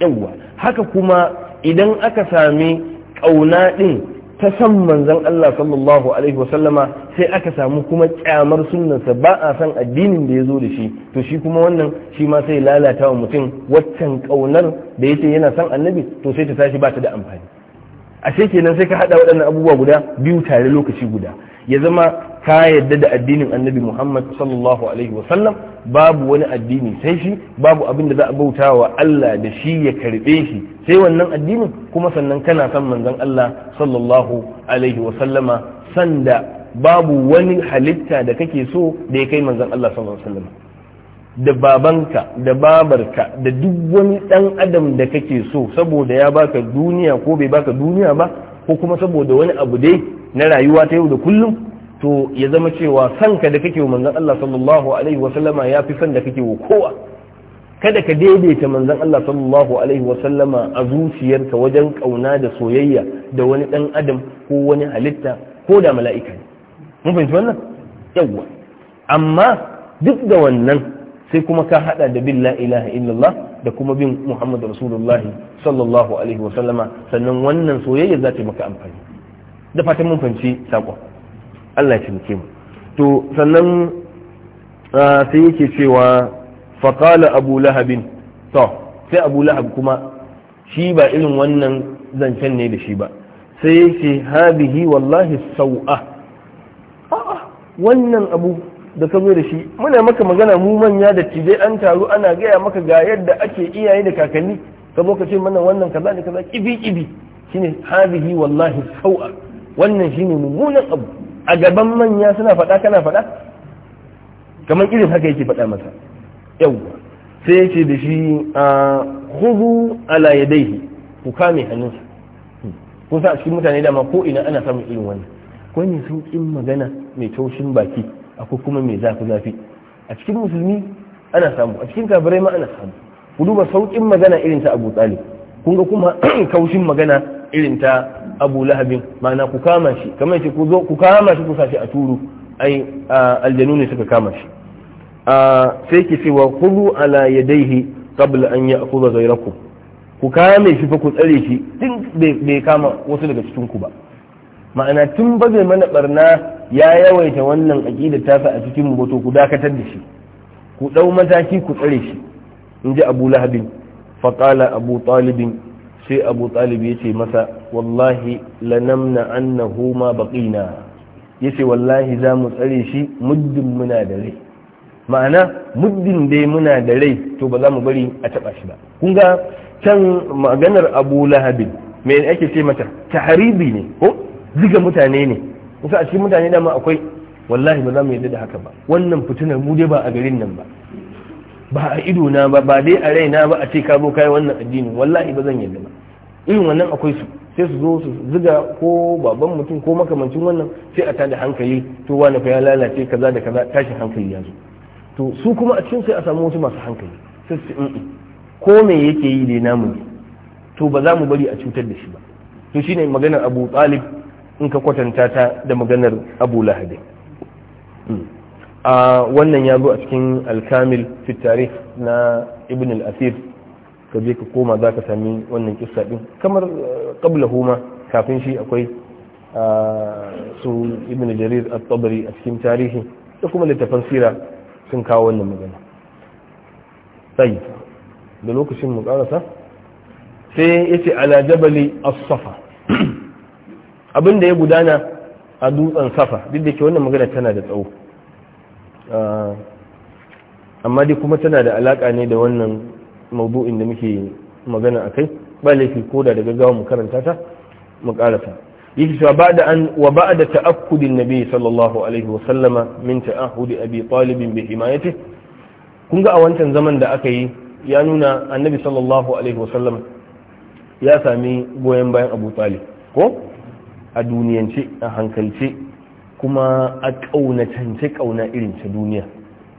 yawwa haka kuma idan aka sami ƙauna ɗin ta san manzon Allah sallallahu alaihi wasallama sai aka samu kuma kyamar sunnarsa ba a san addinin da ya zo da shi to shi kuma wannan shi ma sai lalata wa mutum waccan kaunar da yake yana san annabi to sai ta tashi ba ta da amfani ashe kenan sai ka hada waɗannan abubuwa guda biyu tare lokaci guda ya zama ka yadda da addinin annabi muhammad sallallahu alaihi wasallam babu wani addini sai shi babu abin da za a bauta wa allah da shi ya karbe shi sai wannan addinin kuma sannan kana san manzon allah sallallahu alaihi wasallama sanda babu wani halitta da kake so da ya kai manzon allah sallallahu alaihi da babanka da babarka da duk wani dan adam da kake so saboda ya baka duniya ko bai baka duniya ba ko kuma saboda wani abu dai na rayuwa ta yau da kullum to ya zama cewa sanka da kake wa manzon Allah sallallahu alaihi wa sallama ya fi san da kake wa kowa kada ka daidaita manzon Allah sallallahu alaihi wa sallama a zuciyarka wajen kauna da soyayya da wani dan adam ko wani halitta ko da mala'ika ne mun fahimci wannan yawwa amma duk da wannan sai kuma ka hada da bin la ilaha illallah da kuma bin muhammad rasulullahi sallallahu alaihi wa sallama sannan wannan soyayya za ta maka amfani da fatan mun fanci sako Allah ya cimke mu to sannan sai yake cewa faqala abu lahabin to sai abu lahab kuma shi ba irin wannan zancen ne da shi ba sai yake hadihi wallahi sau'a wannan abu da ka da shi muna maka magana mu manya da dai an taru ana gaya maka ga yadda ake iyaye da kakanni ka zo ka ce mana wannan kaza da kaza kibi kibi shine hadihi wallahi sau'a wannan shine mummunan abu a gaban manya suna faɗa kana faɗa kamar irin haka yake faɗa masa yauwa sai yake da shi a hudu ala daihi ku kame hannunsa kun sa a cikin mutane dama ko ina ana samun irin wannan akwai ne sauƙin magana mai taushin baki akwai kuma mai zafi zafi a cikin musulmi ana samu a cikin kafirai ma ana samu ku duba sauƙin magana irin ta abu talib kun ga kuma [CLEARS THROAT] kaushin magana irin ta abu lahabin ma'ana ku kama shi kamar ce ku kama shi ku sa shi a turu ai aljanu ne suka kama shi sai ki ce wa kudu ala yadaihi qabla an ya'khudha ghayrakum ku kama shi fa ku tsare shi tun bai kama wasu daga cikin ku ba ma'ana tun ba zai mana barna ya yawaita wannan aqida tasa a cikin mu to ku dakatar da shi ku dau mataki ku tsare shi inji ji abu lahabin faqala abu talibin sai abu talib ya ce masa wallahi lanamna annahu ma baqina ya ce wallahi za mu tsare shi muddin muna da rai ma'ana muddin dai muna da rai to ba za mu bari a taba shi ba kun ga can maganar abu lahabin me ake ce mata taharibi ne ko ziga mutane ne kusa a cikin mutane dama akwai wallahi ba za mu yadda da haka ba wannan fitinar mu dai ba a garin nan ba ba a ido na ba ba dai a rai na ba a ce ka zo kai wannan addini wallahi ba zan yarda ba irin wannan akwai su sai su zo su ziga ko baban mutum ko makamancin wannan sai a tada hankali to wani fa ya lalace kaza da kaza tashin hankali ya zo to su kuma a cikin sai a samu wasu masu hankali sai su ko me yake yi dai namu ne to ba za mu bari a cutar da shi ba to shine maganar Abu Talib in ka kwatanta ta da maganar Abu Lahab mm. wannan ya zo a cikin alkamil fitare na ibn al-asir ka je ka koma za ka sami wannan kissa din kamar eh, qabla huma kafin shi akwai ah, su ibn jarir at-tabari a cikin tarihi da kuma littafan sira sun kawo wannan magana sai da lokacin mu karasa sai yace ala jabali as-safa [CLEARS THROAT] abin da ya gudana a dutsen safa duk da ke wannan magana tana da tsawo Ah, amma dai kuma tana da alaka ne da wannan mabu'in da muke magana a kai ba laifi ko da gaggawa mu karanta ta mu yake cewa ba da an wa ba da ta'akkudin nabi sallallahu alaihi wa sallama min ta'ahudi abi talibin bi himayati kun ga a wancan zaman da aka yi ya nuna annabi sallallahu alaihi wa sallam ya sami goyon bayan abu talib ko a duniyance a hankalce kuma a ƙaunatance ƙauna irin ta duniya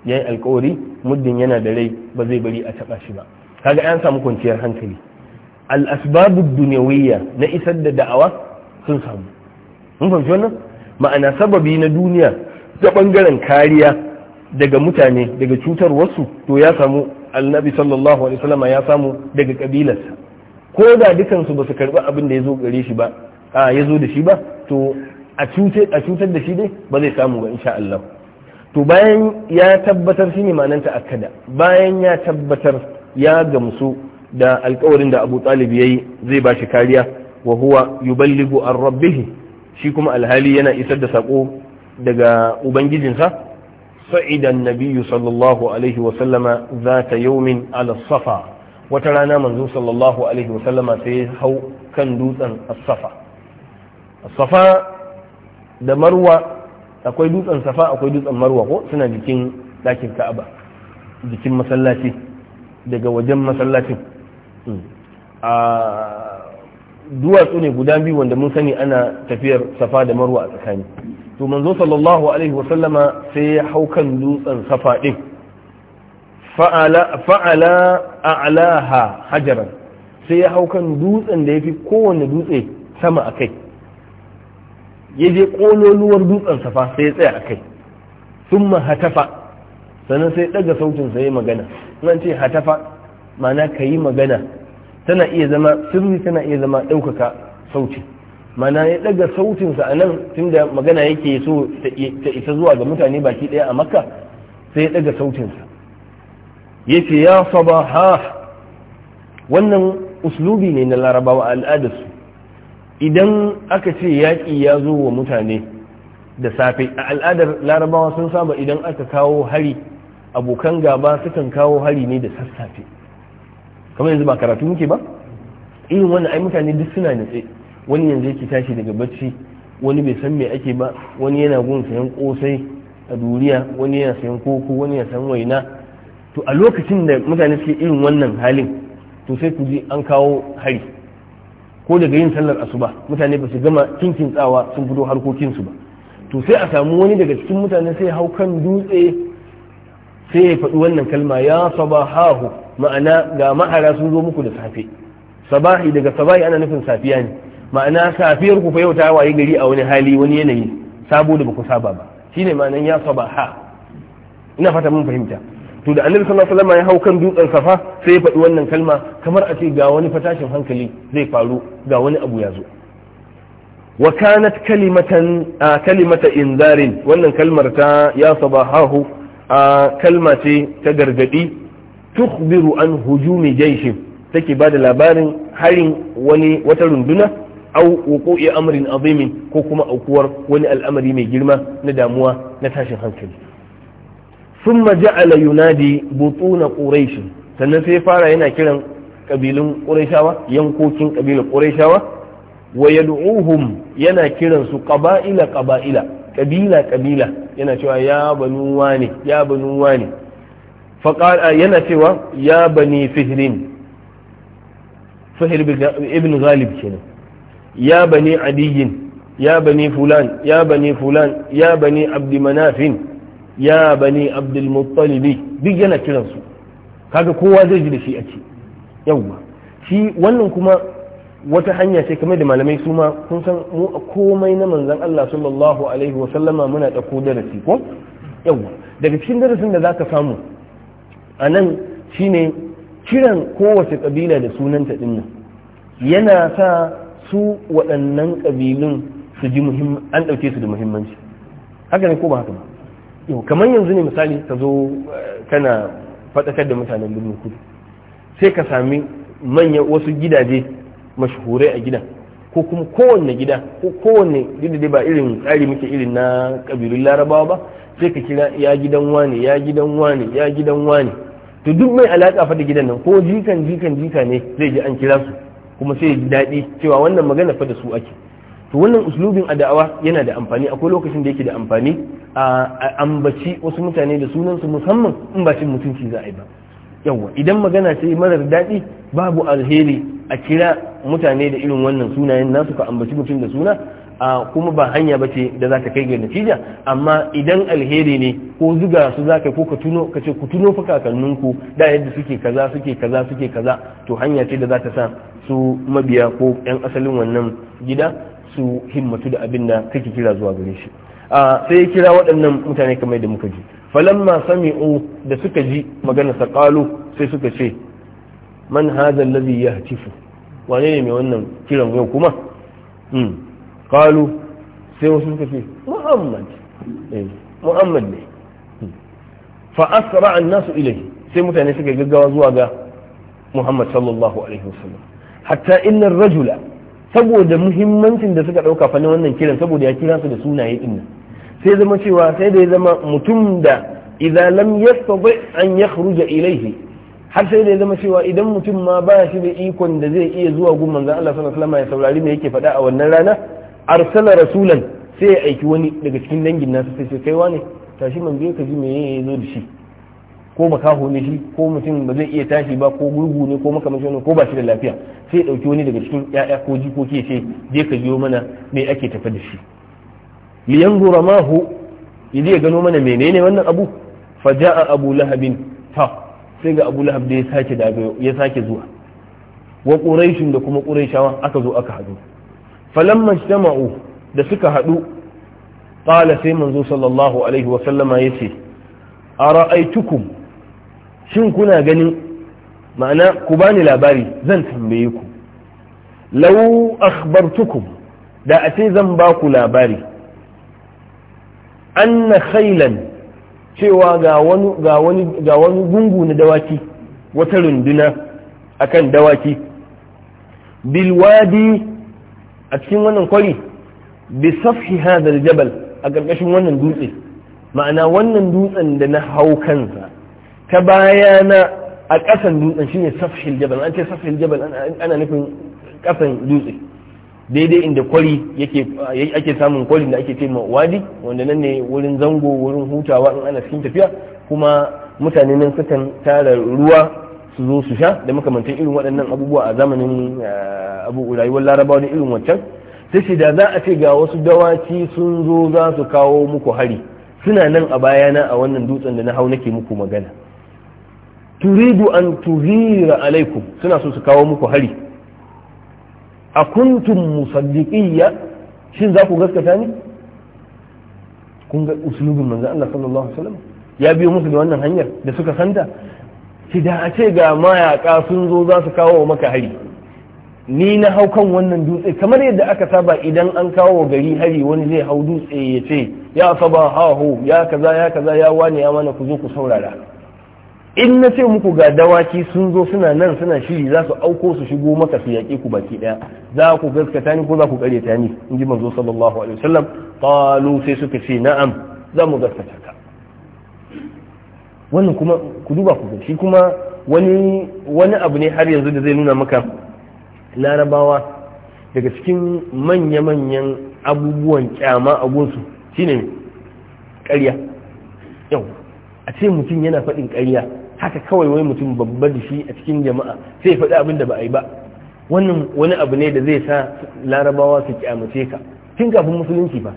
ya yi alkawari muddin yana da rai ba zai bari a taɓa shi ba kaga an samu kwanciyar hankali al'asbabu duniyawiyya na isar da da'awa sun samu mun fahimci wannan ma'ana sababi na duniya ta ɓangaren kariya daga mutane daga cutar wasu to ya samu annabi sallallahu alaihi wasallam ya samu daga kabilarsa ko da dukansu ba su karɓi abin da ya zo gare shi ba a ya zo da shi ba to a cutar da shi dai ba zai samu ba insha Allah to bayan ya tabbatar shine ma'ananta akada bayan ya tabbatar ya gamsu da alkawarin da Abu Talib yayi zai ba shi kariya wa huwa yuballighu an rabbihi shi kuma alhali yana isar da sako daga ubangijinsa sa'ida nabiyyu sallallahu alaihi wa sallama zata yawmin ala safa wata rana manzo sallallahu alaihi wa sallama sai hau kan dutsen as-safa as-safa da marwa akwai dutsen safa akwai dutsen marwa ko suna jikin ɗakin ka'aba jikin masallaci daga wajen masallacin hmm. a duwatsu ne guda biyu wanda mun sani ana tafiyar safa da marwa a tsakani to manzo sallallahu alaihi wasallama sai ya hau kan dutsen safa din fa'ala fa'ala a'laha hajaran sai ya hau kan dutsen da yafi kowanne dutse sama a kai. ya je ƙololuwar dutsen safa sai ya tsaya a kai sun hatafa sannan sai daga sautin sai magana nan ce hatafa ma'ana ka yi magana tana iya zama sirri tana iya zama ɗaukaka sauti mana ya daga sautinsa a nan da magana yake so ta isa zuwa ga mutane baki ɗaya a makka sai ya daga sautinsa ya ce ya ha! wannan uslubi ne na larabawa al'adarsu idan aka ce yaƙi ya zo wa mutane da safe a al'adar larabawa sun saba idan aka kawo hari abokan gaba sukan kawo hari ne da sassafe kamar yanzu ba karatu muke ba irin wannan ai mutane duk suna nutse wani yanzu yake tashi daga bacci wani bai san me ake ba wani yana gun sayan kosai a duniya wani yana sayan koko wani yana sayan waina to a lokacin da mutane suke irin wannan halin to sai ku ji an kawo hari ko daga yin sallar asuba mutane ba su gama kinkin tsawa sun fito harkokinsu ba to sai a samu wani daga cikin mutane sai hau kan dutse sai ya faɗi wannan kalma ya sabahahu ma'ana ga mahara sun zo muku da safe sabahi daga sabahi ana nufin safiya ne ma'ana safiyar ku fa yau ta waye gari a wani hali wani yanayi sabo da baku saba ba shine ma'anan ya sabaha ina fata mun fahimta to da annabi sallallahu alaihi ya hau kan dutsen safa sai ya faɗi wannan kalma kamar a ce ga wani fatashin hankali zai faru ga wani abu ya zo wa kanat kalimatan kalimata inzarin wannan kalmar ta ya sabahahu kalma ce ta gargadi tukhbiru an hujumi jaishin take ba da labarin harin wani wata runduna au wuqu'i amrin azimin ko kuma aukuwar wani al'amari mai girma na damuwa na tashin hankali ثم جعل ينادي بطون قريش sannan sai fara yana kiran ƙabilun ƙurayshawa yankokin ƙabilun ƙurayshawa wa yad'uhum yana kiran su ƙaba'ila-ƙaba'ila, ƙabila-ƙabila, yana cewa ya banu wani ya banu wani faqala yana cewa ya bani fihrin fihir ibn ghalib kenan ya bani adiyin ya bani fulan ya bani fulan ya bani abdi manafin ya bani abdul muttalibi duk yana kiran su kaga kowa zai ji da shi a ce yawwa shi wannan kuma wata hanya ce kamar da malamai su ma kun san mu a komai na manzon Allah sallallahu alaihi wa sallama muna da ku darasi ko yawwa daga cikin darasin da zaka samu a nan shine kiran kowace kabila da sunanta din yana sa su waɗannan kabilun su ji an ɗauke su da muhimmanci haka ne ko ba haka ba kamar yanzu ne misali ka zo eh, kana faɗakar da mutanen birnin kudu sai ka sami manyan wasu gidaje mashahurai a gidan ko kuma kowanne gida ko kowanne gida dai ba irin tsari muke irin na kabilun larabawa ba sai ka kira ya gidan wane ya gidan wane ya gidan wane to duk mai alaka fa da gidan nan ko jikan jikan jika ne zai ji an kira su kuma sai ji daɗi cewa wannan magana fa da su ake to wannan uslubin a yana da amfani akwai lokacin da yake da amfani a ambaci wasu mutane da sunansu musamman in ba cin mutunci za a yi ba yawa idan magana ce marar daɗi babu alheri a kira mutane da irin wannan sunayen nasu ka ambaci mutum da suna a kuma ba hanya ba ce da za ta kai ga natija amma idan alheri ne ko zuga su za ka ko ka tuno ka ce ku tuno fa kakanninku da yadda suke kaza suke kaza suke kaza to hanya ce da za ta sa su mabiya ko yan asalin wannan gida su himmatu da abin da kake kira zuwa gare shi sai ya kira waɗannan mutane kamar da muka ji falamma sami'u da suka ji magana sa sai suka ce man hadha alladhi yahtifu wane ne mai wannan kiran yau kuma hmm. qalu sai wasu suka ce muhammad eh, muhammad ne hmm. fa asra an-nasu ilayhi sai mutane suka gaggawa zuwa ga muhammad sallallahu alaihi wasallam hatta inna ar-rajula saboda muhimmancin da suka ɗauka fannin wannan kiran saboda ya kira su da sunaye ɗin sai zama cewa sai da ya zama mutum da idza lam yastati an yakhruja ilayhi har sai da ya zama cewa idan mutum ma ba shi da ikon da zai iya zuwa gun manzo Allah sallallahu alaihi wasallam ya saurari me yake faɗa a wannan rana arsala rasulan sai ya aiki wani daga cikin dangin nasa sai sai kai wane tashi manzo ka ji me ya zo da shi ko makaho ne shi ko mutum ba zai iya tashi ba ko gurgu ne ko makamashin ne ko ba shi da lafiya sai ɗauki wani daga cikin 'ya'ya ko jikoki ce je ka biyo mana me ake tafi da shi Liyan yanzura ma hu yaje ya gano mana menene wannan abu fa ja'a abu lahabin ta sai ga abu lahab da ya sake ya sake zuwa wa quraishin da kuma quraishawa aka zo aka hadu falamma jama'u da suka hadu qala sai manzo sallallahu alaihi wa sallama yace shin kuna ganin ma'ana ku bani labari zan tambaye ku lau akhbartukum da a ce zan ba ku labari anna khailan cewa ga wani ga gungu na dawaki wata runduna akan dawaki bilwadi a cikin wannan kwari bi safhi hadha jabal a ƙarƙashin wannan dutse ma'ana wannan dutsen da na hau kansa ta bayana a ƙasan dutsen shine safhil jabal an ce safhil jabal ana nufin ƙasan dutse daidai inda kwari yake eh, ake samun kwari da ake ce ma wadi wanda nan ne wurin zango wurin hutawa in ana cikin tafiya kuma mutane nan sukan tara ruwa su zo su sha da makamantan irin waɗannan abubuwa a zamanin eh, abu rayuwar larabawa da irin wancan sai shi da za a ce ga wasu dawaci sun zo za su kawo muku hari suna nan a bayana a wannan dutsen da na hau nake muku magana turidu an tuhira alaikum suna so su kawo muku hari a kuntum musaddiqiyya shin za ku gaskata ni kun ga usulubin manzo Allah sallallahu alaihi wasallam ya biyo musu da wannan hanyar da suka santa shi da a ce ga mayaka sun zo za su kawo maka hari ni na hau kan wannan dutse kamar yadda aka saba idan an kawo gari hari wani zai hau dutse ya ce ya saba hahu ya kaza ya kaza ya wane ya mana ku zo ku saurara in na ce muku ga dawaki sun zo suna nan suna shiri za su auko su shigo maka su yaƙe ku baki ɗaya za ku gaskata ni ko za ku ta ni in ji manzo sallallahu alaihi wasallam qalu sai suka ce na'am za mu gaskata ka wannan kuma ku duba ku shi kuma wani wani abu ne har yanzu da zai nuna maka larabawa daga cikin manya-manyan abubuwan kyama a gunsu shine ƙarya yau a ce mutum yana faɗin ƙarya haka kawai wani mutum babba da shi a cikin jama'a sai ya faɗi abin da ba a yi ba wannan wani abu ne da zai sa larabawa su kyamace ka tun kafin musulunci ba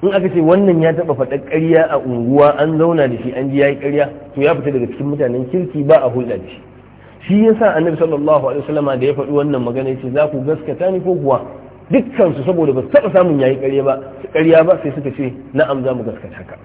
in aka ce wannan ya taɓa faɗa ƙarya a unguwa an zauna da shi an ji ya yi ƙarya to ya fita daga cikin mutanen kirki ba a hulɗa da shi shi ya sa annabi sallallahu alaihi wasallama da ya faɗi wannan magana ce za ku gaskata ni ko kuwa dukkansu saboda ba su taɓa samun yi ƙarya ba ƙarya ba sai suka ce na'am za mu gaskata ka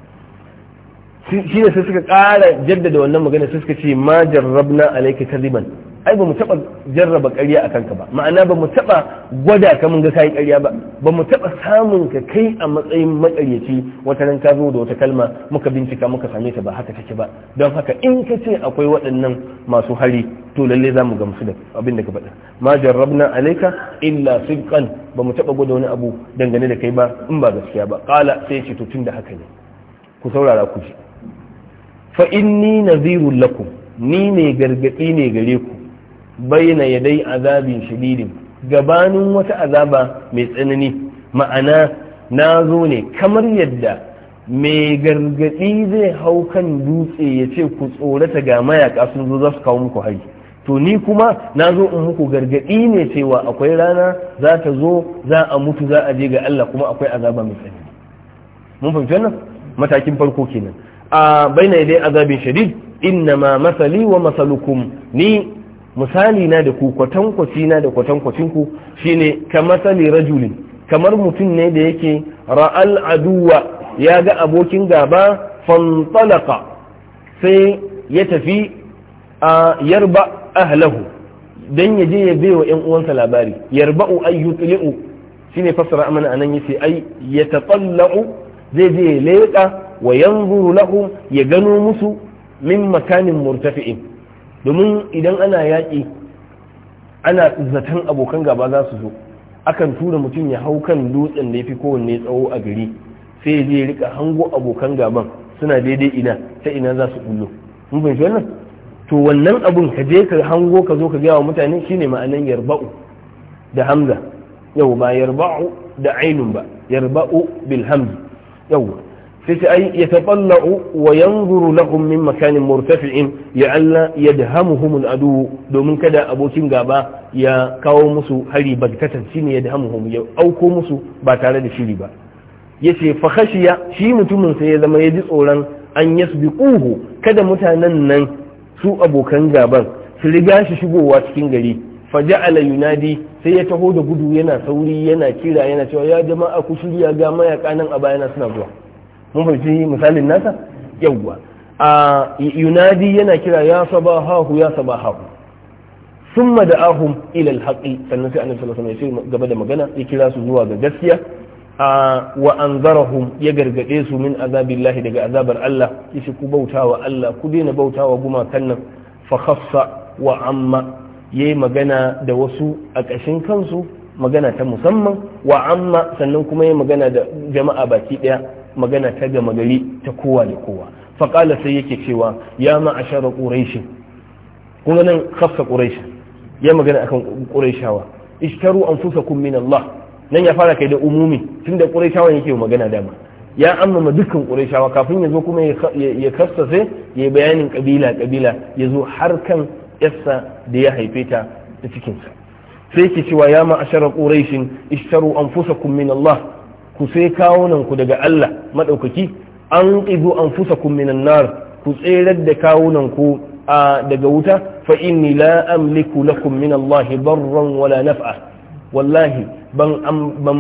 shi ne sai suka ƙara jaddada wannan magana sai suka ce ma jarrabna alayka kadiban ai ba mu taɓa jarraba ƙarya a kanka ba ma'ana ba mu taba gwada ka mun ga kai ƙarya ba ba mu taba samun ka kai a matsayin makaryaci wata ran ka zo da wata kalma muka bincika muka same ta ba haka take ba don haka in ka ce akwai waɗannan masu hari to lalle za mu gamsu da abin da ka faɗa ma jarrabna alaika illa sidqan ba mu taɓa gwada wani abu dangane da kai ba in ba gaskiya ba qala sai ce to tunda haka ne ku saurara ku ji fa inni nazirul lakum ni ne gargadi ne gare ku baina yadai azabin shadidin gabanin wata azaba mai tsanani ma'ana nazo ne kamar yadda mai gargadi zai hau kan dutse ya ce ku tsorata ga mayaka sun zo za su kawo muku hari to ni kuma na zo in muku gargadi ne cewa akwai rana za ta zo za a mutu za a je ga Allah kuma akwai azaba mai tsanani mun fahimci wannan matakin farko kenan a baina dai azabin shadid inna ma masali wa masalukum ni misali na da ku kwatankwaci na da kwatankwacin ku shine ka masali rajulin kamar mutum ne da yake ra'al aduwa ya ga abokin gaba fantalaka sai ya tafi a yarba ahlahu dan ya je ya baiwa yan uwansa labari yarba'u ay yutli'u shine fasara amana anan yace ay yatatalla'u zai je ya leƙa wa yanzuru ya gano musu min makanin murtafi'in domin idan ana yaƙi ana zaton abokan gaba za su zo akan tura mutum ya hau kan dutsen da ya fi kowanne tsawo a gari sai zai rika hango abokan gaban suna daidai ina ta ina za su bullo mun fahimci wannan to wannan abun ka je ka hango ka zo ka gaya wa mutane shine ma'anan yarba'u da hamza yau ba yarba'u da ainun ba yarba'u bil hamzi yau sai ce ai ya tafalla'u wa yanzuru lahum min makanin murtafi'in ya alla ya dahamuhum al'adu domin kada abokin gaba ya kawo musu hari bagtatan shine ya dahamuhum ya auko musu ba tare da shiri ba yace fa khashiya shi mutumin sai ya zama ya ji tsoron an yasbiquhu kada mutanen nan su abokan gaban su riga shi shigowa cikin gari ja'ala yunadi sai ya taho da gudu yana sauri yana kira yana cewa ya jama'a ku shirya ga mayaka nan a baya suna zuwa mun fahimci misalin nasa yawwa a yunadi yana kira ya sabahahu ya sabahahu summa da ahum ilal sannan sai annabi sallallahu alaihi wasallam ya gaba da magana ya kira su zuwa ga gaskiya a wa anzarahum ya gargaɗe su min azabillahi daga azabar Allah yace ku bautawa Allah ku daina bautawa gumakan nan fa khassa wa amma yayi magana da wasu a ƙashin kansu magana ta musamman wa amma sannan kuma ya yi magana da jama'a baki ɗaya. magana ta gama gari ta kowa da kowa faƙala sai yake cewa ya ma'ashara ƙuraishi kuma nan hafsa ƙuraishi ya magana akan ƙuraishawa ishtaru anfusakum min Allah nan ya fara kai da umumi tunda ƙuraishawa yake magana dama ya ammama dukkan ƙuraishawa kafin ya zo kuma ya kassa sai ya bayanin kabila kabila ya zo har kan yassa da ya haife ta da cikinsa sai yake cewa ya ma'ashara ƙuraishin ishtaru anfusakum min Allah ku sai kawunan ku daga Allah maɗaukaki, an an fusa minan nar ku tserar da kawunan ku daga wuta fa inni la amliku lakum min Allah darran wala naf'a wallahi ban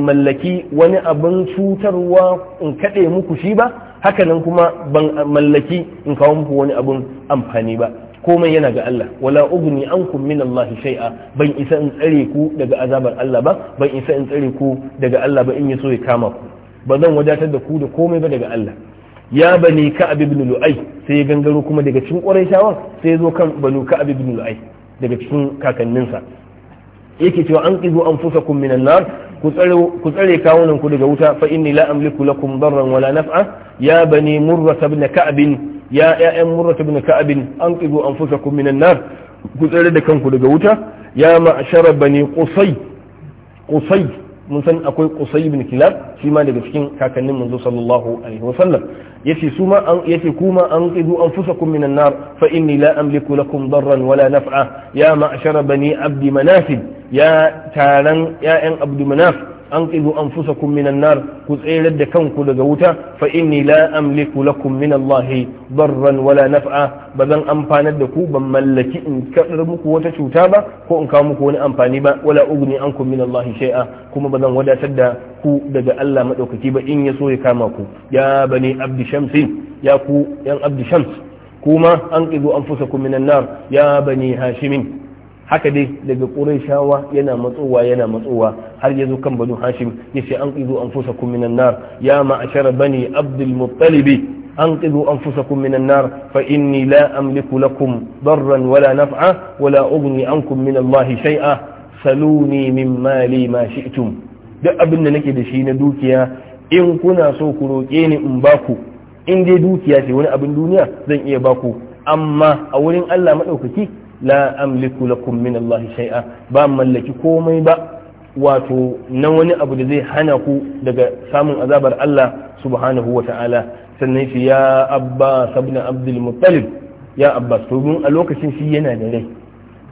mallaki wani abin cutarwa in kaɗe muku shi ba haka nan kuma ban mallaki in kawo muku wani abin amfani ba komai yana ga Allah wala ugni ankum min Allah shay'a ban isa in tsare ku daga azabar Allah ba ban isa in tsare ku daga Allah ba in yaso ya kama ku ba zan wadatar da ku da komai ba daga Allah ya bani ka'ab ibn lu'ay sai ya gangaro kuma daga cikin quraishawa sai ya zo kan banu ka'ab ibn lu'ay daga cikin kakanninsa yake cewa an qizu anfusakum minan nar ku tsare ku tsare kawunan ku daga wuta fa inni la amliku lakum darran wala naf'a ya bani murra ibn ka'ab ya ƴaƴan murrat ibn ka'ab an qidu anfusakum minan nar ku tsare da kanku daga wuta ya ma'shara bani qusay mun san akwai qusay ibn kilab shi ma daga cikin kakannin manzo sallallahu alaihi wasallam yace su ma an yace kuma an qidu anfusakum minan nar fa inni la amliku lakum darran wala naf'a ya ma'shara bani abd manaf ya taran ya'yan abd manaf an qibu anfusakum minan nar ku tserar da kanku daga wuta fa inni la amliku lakum min Allah darran wala naf'a ba zan amfanar da ku ban mallaki in kadar muku wata cuta ba ko in kawo muku wani amfani ba wala ugni ankum min Allah shay'a kuma ba zan wadatar da ku daga Allah madaukaki ba in ya so ya kama ku ya bani abdi shamsi ya ku yan abdi shams kuma an qibu anfusakum minan nar ya bani hashimin haka dai daga shawa yana matsowa yana matsowa har ya zo kan banu hashim ya ce an ƙizo an fusa kun minan nar ya ma'ashara bani abdul muttalibi an ƙizo an fusa kun nar fa inni la amliku lakum darran wala naf'a wala ugni ankum min allah shay'a saluni min mali ma shi'tum duk abin da nake da shi na dukiya in kuna so ku roƙe ni in baku in dai dukiya ce wani abin duniya zan iya baku amma a wurin Allah maɗaukaki la amliku lakum min Allah shay'a ba mallaki komai ba wato na wani abu da zai hana ku daga samun azabar Allah subhanahu wa ta'ala sannan shi ya abbas sabna abdul muttalib ya abbas to a lokacin shi yana da rai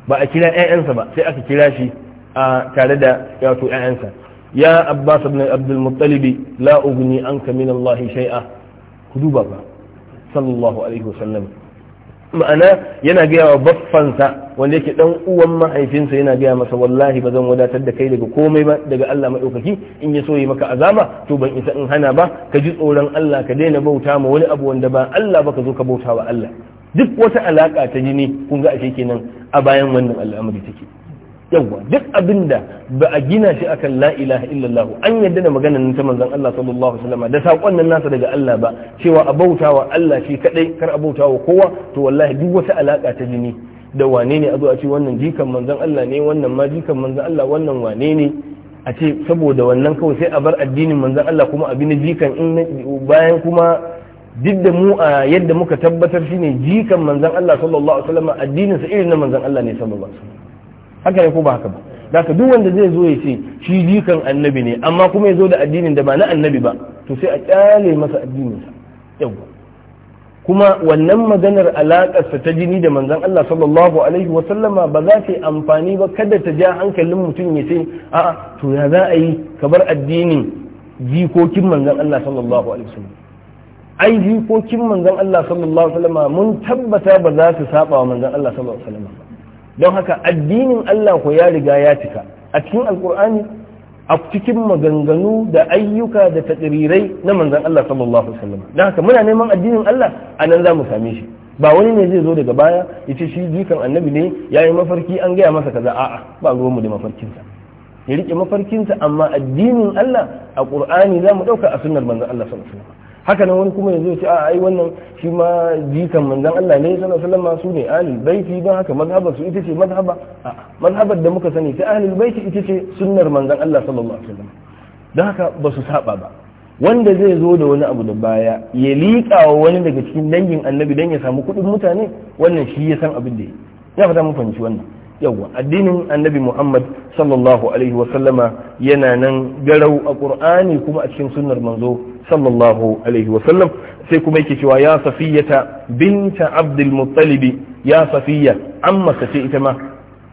ba a kira ƴaƴansa ba sai aka kira shi a tare da wato ƴaƴansa ya abbas ibn abdul muttalib la ugni anka min Allah shay'a ku duba ba sallallahu alaihi sallam. ma'ana yana gaya wa baffansa wanda yake dan uwan mahaifinsa yana gaya masa wallahi ba zan wadatar da kai daga komai ba daga Allah maɗaukaki in ya so yi maka azama? to ban isa in hana ba ka ji tsoron Allah ka daina bauta ma wani abu wanda ba Allah ba ka zo ka bauta wa Allah duk wata alaka ta jini kun ga ashe kenan a bayan wannan al'amari take yawa duk abinda ba a gina shi akan la ilaha illallah an yadda da maganar ta manzon Allah sallallahu alaihi wasallam da sakon nan nasa daga Allah ba cewa a bautawa Allah shi kadai kar a bautawa kowa to wallahi duk wata alaka ta jini da wane ne a zo a ce wannan jikan manzon Allah ne wannan ma jikan manzon Allah wannan wane ne a ce saboda wannan kawai sai a bar addinin manzon Allah kuma abin jikan in bayan kuma duk da mu a yadda muka tabbatar shine jikan manzon Allah sallallahu alaihi wasallam addinin sa irin na manzon Allah ne sallallahu alaihi wasallam haka ne ko ba haka ba Da ka duk wanda zai zo ya ce shi jikan annabi ne amma kuma ya zo da addinin da ba na annabi ba to sai a kyale masa addininsa yau kuma wannan maganar alaƙarsa ta jini da manzon Allah sallallahu alaihi wa sallama ba za ta yi amfani ba kada ta ja hankalin mutum ya ce a'a to ya za a yi ka bar addinin jikokin manzon Allah sallallahu alaihi wa sallam ai jikokin manzon Allah sallallahu alaihi wa sallama mun tabbata ba za su saba wa manzon Allah sallallahu alaihi wa sallama don haka addinin Allah ku ya riga ya cika a cikin alkur'ani a cikin maganganu da ayyuka da takrirai na manzan Allah sallallahu alaihi wasallam don haka muna neman addinin Allah a nan za mu same shi ba wani ne zai zo daga baya ya ce shi jikan annabi ne ya yi mafarki an gaya masa kaza a'a ba mu da mafarkinsa ya rike mafarkinsa amma addinin Allah a ƙur'ani za mu ɗauka a sunnar manzan Allah sallallahu alaihi wasallam haka nan wani kuma yanzu ce a ai wannan shi ma jikan manzon Allah ne sallallahu alaihi wasallam su ne ahlul baiti don haka mazhabar su ita ce mazhaba mazhabar da muka sani ta ahlul baiti ita ce sunnar manzon Allah sallallahu alaihi wasallam don haka ba su saba ba wanda zai zo da wani abu da baya ya liƙa wa wani daga cikin dangin annabi don ya samu kuɗin mutane wannan shi ya san abin da ya ya fata mun fahimci wannan yawwa addinin annabi muhammad sallallahu alaihi wasallama yana nan garau a ƙur'ani kuma a cikin sunnar manzo sallallahu alaihi wasallam sai kuma yake cewa ya safiyata binta abdul muttalibi ya safiya amma ce ita ma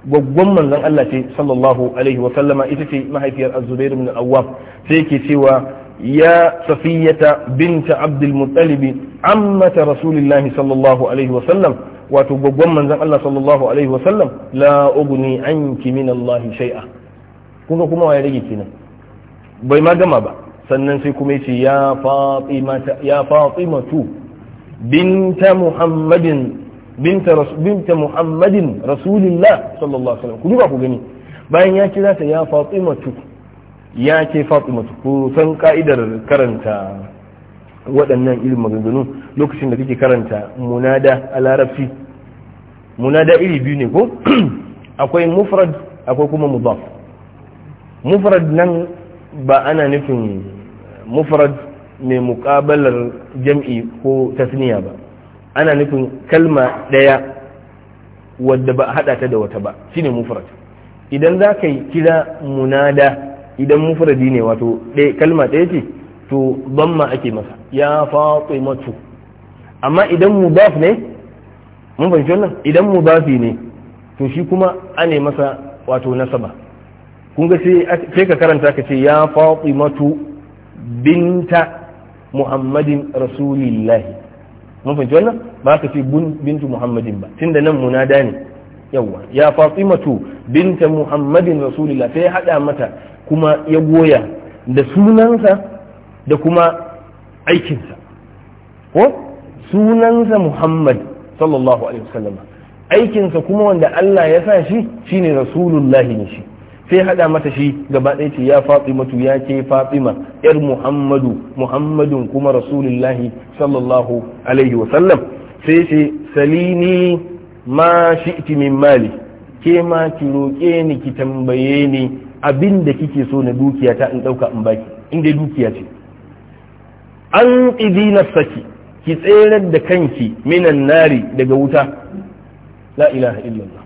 gwaggwan manzon Allah ce sallallahu alaihi wasallama ita ce mahaifiyar az-zubair ibn awwam sai yake cewa ya safiyata binta abdul muttalibi amma ta rasulullahi sallallahu alaihi wasallam wato gwaggwan manzon Allah sallallahu alaihi wasallam la ugni anki min Allah shay'a kuma kuma ya rage kenan bai ma gama ba sannan sai kuma yace ya fatima ya fatima tu binta muhammadin binta binta muhammadin rasulillah sallallahu alaihi wasallam ku duba ku gani bayan ya kira ta ya fatima tu ya ce fatima tu ku san ka'idar karanta waɗannan irin maganganu lokacin da kake karanta munada a larabci munada iri biyu ne ko [CLEARS THROAT] akwai mufrad akwai kuma mudaf mufrad nan ba ana nufin mufrad mai mukabalar jam'i ko tasniya ba ana nufin kalma ɗaya wadda ba a haɗa ta da wata ba shine mufrad idan za ka yi kira munada idan mufradi ne wato kalma ɗaya ce to bamma ake masa ya fatimatu amma idan mudaf ne mun fahimci wannan idan mudafi ne to shi kuma ane masa wato nasaba kun ga sai ka karanta ka ce ya fatimatu binta muhammadin rasulillahi mun fahimci wannan ba ka ce bintu muhammadin ba tunda nan munada ne yawa ya fatimatu binta muhammadin rasulillah sai ya hada mata kuma ya goya da sunansa da kuma aikinsa ko sunansa muhammad sallallahu alaihi wasallam aikinsa kuma wanda Allah ya sa shi shine rasulullahi ne shi sai hada mata shi gaba ɗaya ce ya fatimatu ya ke fatima yar muhammadu muhammadun kuma rasulullahi sallallahu alaihi wasallam sai ce salini ma shi min mali ke ma ki roƙe ni ki tambaye ni abin da kike so na dukiya ta in ɗauka in baki inda dai dukiya ce an ƙidi saki ki tserar da kanki minan nari daga wuta la ilaha illallah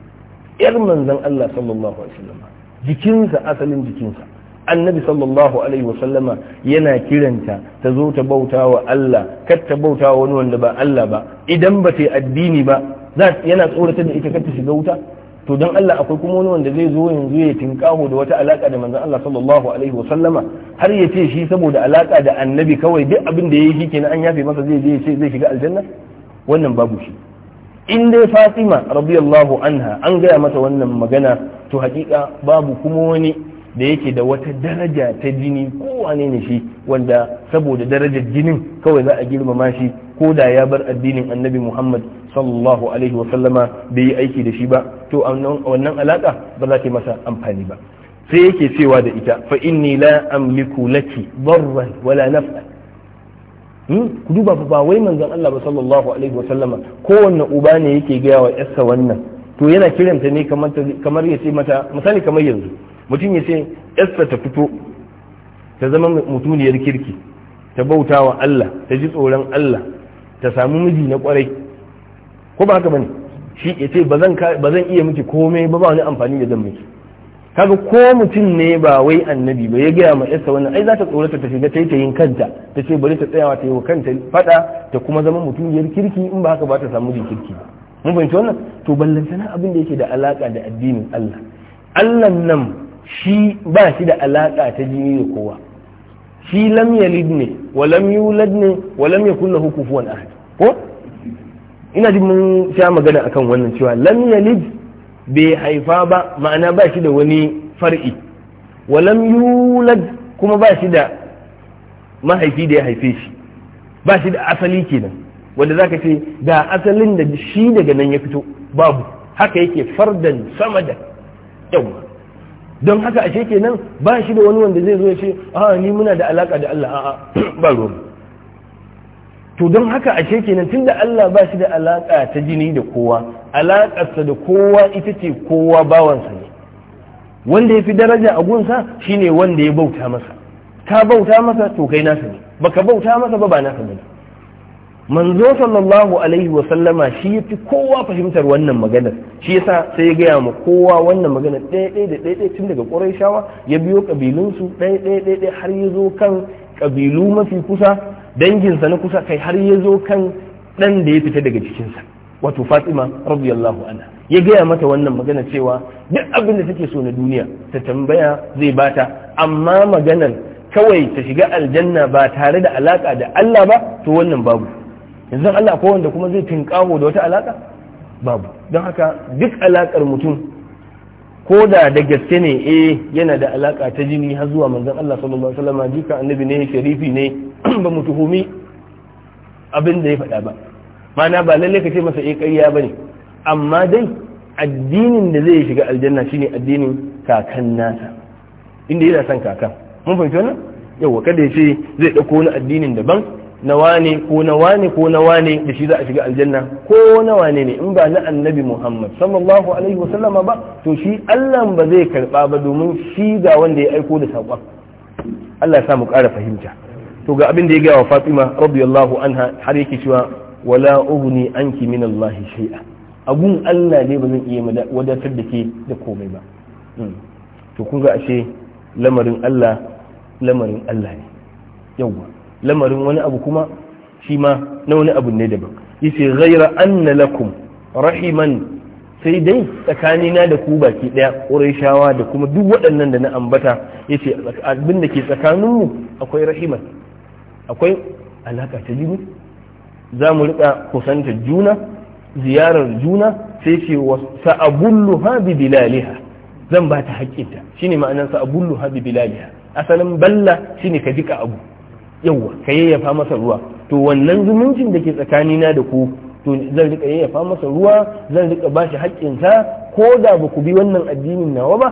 yar manzon Allah sallallahu alaihi wasallam jikinsa asalin jikinsa annabi sallallahu alaihi wasallama yana kiranta ta zo ta bauta wa Allah kar ta bauta wa wani wanda ba Allah ba idan ba ta addini ba yana tsoratar da ita kar ta shiga wuta to don Allah akwai kuma wani wanda zai zo yanzu ya tinkaho da wata alaka da manzon Allah sallallahu alaihi wasallama har ya ce shi saboda alaka da annabi kawai duk abin da yayi shi kenan an yafe masa zai je ya ce zai shiga aljanna wannan babu shi in dai fatima radiyallahu anha an gaya mata wannan magana to hakika babu kuma wani da yake da wata daraja ta jini ko wane ne shi wanda saboda darajar jinin kawai za a girmama shi ko da ya bar addinin annabi muhammad sallallahu alaihi wa sallama bai yi aiki da shi ba to wannan alaka ba za ta masa amfani ba sai yake cewa da ita fa inni la amliku laki darran wala naf'a Hmm? ku duba ba wai manzon Allah ba sallallahu alaihi wa sallama kowanne uba ne yake gaya wa yarsa wannan to yana kiranta ne kamar ya ce mata misali kamar yanzu mutum ya ce yarsa ta fito ta zama mutuniyar kirki ta bauta wa Allah ta ji tsoron Allah ta samu miji na kwarai ko ba haka bane shi ya ce ba zan iya miki komai ba ba wani amfani da zan miki kaga ko mutum ne ba wai annabi ba ya gaya ma yasa wannan ai za ta tsorata ta shiga ta yin kanta ta ce bari ta tsayawa ta yi wa kanta fada ta kuma zama mutum yar kirki in ba haka ba ta samu jin kirki mun fahimci wannan to ballantana abin da yake da alaka da addinin Allah Allah nan shi ba shi da alaka ta jini da kowa shi lam yalid ne wa lam yulad ne wa lam yakul lahu kufuwan ahad ko ina jin mun sha magana akan wannan cewa lam yalid bai haifa ba ma'ana ba shi da wani far'i walam yulad kuma ba shi da mahaifi da ya haife shi ba shi da asali kenan wanda zaka ce ga asalin da shi daga nan ya fito babu haka yake fardan sama da yawa don haka ashe kenan ba shi da wani wanda zai zo ya ce a ah, ni muna da alaka da Allah a'a [CLEARS THROAT] ba ruwan to don haka ashe kenan tunda Allah ba shi da alaƙa ta jini da kowa alakarsa da kowa ita ce kowa bawansa ne wanda ya fi daraja a gunsa shine wanda ya bauta masa ka bauta masa to kai nasa ne baka bauta masa ba ba nasa ne manzo sallallahu alaihi wa sallama shi fi kowa fahimtar wannan maganar shi yasa sai ya gaya ma kowa wannan magana ɗaya ɗaya da ɗaya tun daga ƙurayshawa ya biyo ƙabilunsu ɗaya ɗaya har ya zo kan kabilu mafi kusa danginsa na kusa kai har ya zo kan ɗan da ya fita daga cikinsa wato fatima radiyallahu anha ya gaya mata wannan magana cewa duk abin da take so na duniya ta tambaya zai bata amma maganar kawai ta shiga aljanna ba tare da alaka da Allah ba to wannan babu yanzu Allah akwai wanda kuma zai tinkaho da wata alaka babu don haka duk alakar mutum ko da da gaske ne eh yana da alaka ta jini har zuwa manzon Allah sallallahu alaihi wasallam jika annabi ne sharifi ne [CLEARS THROAT] ba mu tuhumi abin da ya faɗa ba mana ba lalle ka ce masa eh ƙarya bane amma dai addinin da zai shiga aljanna shine addinin kakan nasa inda yana son kakan mun fahimci wannan yawa kada ya ce zai dauko wani addinin daban nawa ne ko nawa ne ko nawa ne da shi za a shiga aljanna ko nawa ne ne in ba na annabi muhammad sallallahu alaihi wa sallama ba to shi allah ba zai karba ba domin shi ga wanda ya aiko da saƙon allah ya mu ƙara fahimta to ga abin da ya gaya wa fatima radiyallahu anha har yake cewa wala ughni anki min allah shay'a abun allah ne ba zan iya wadatar da ke da komai ba hmm. to kun ga ashe lamarin allah lamarin allah ne yawwa lamarin wani abu kuma shi ma na wani abu ne daban yace ghaira anna lakum rahiman sai dai tsakanina da ku baki daya shawa da kuma duk waɗannan da na ambata yace abin da ke tsakaninmu akwai rahiman akwai alaka ta jini za mu riƙa kusantar juna ziyarar juna sai ce wa sa'abullu ha bi bilaliha zan ba ta haƙƙinta shine ma'anar sa'abullu ha bi bilaliha asalin balla shine ka jika abu Yau ka yayyafa masa ruwa to wannan zumuncin da ke tsakanina da ku to zan rika yayyafa masa ruwa zan rika bashi haƙƙinsa ko da ba ku bi wannan addinin nawa ba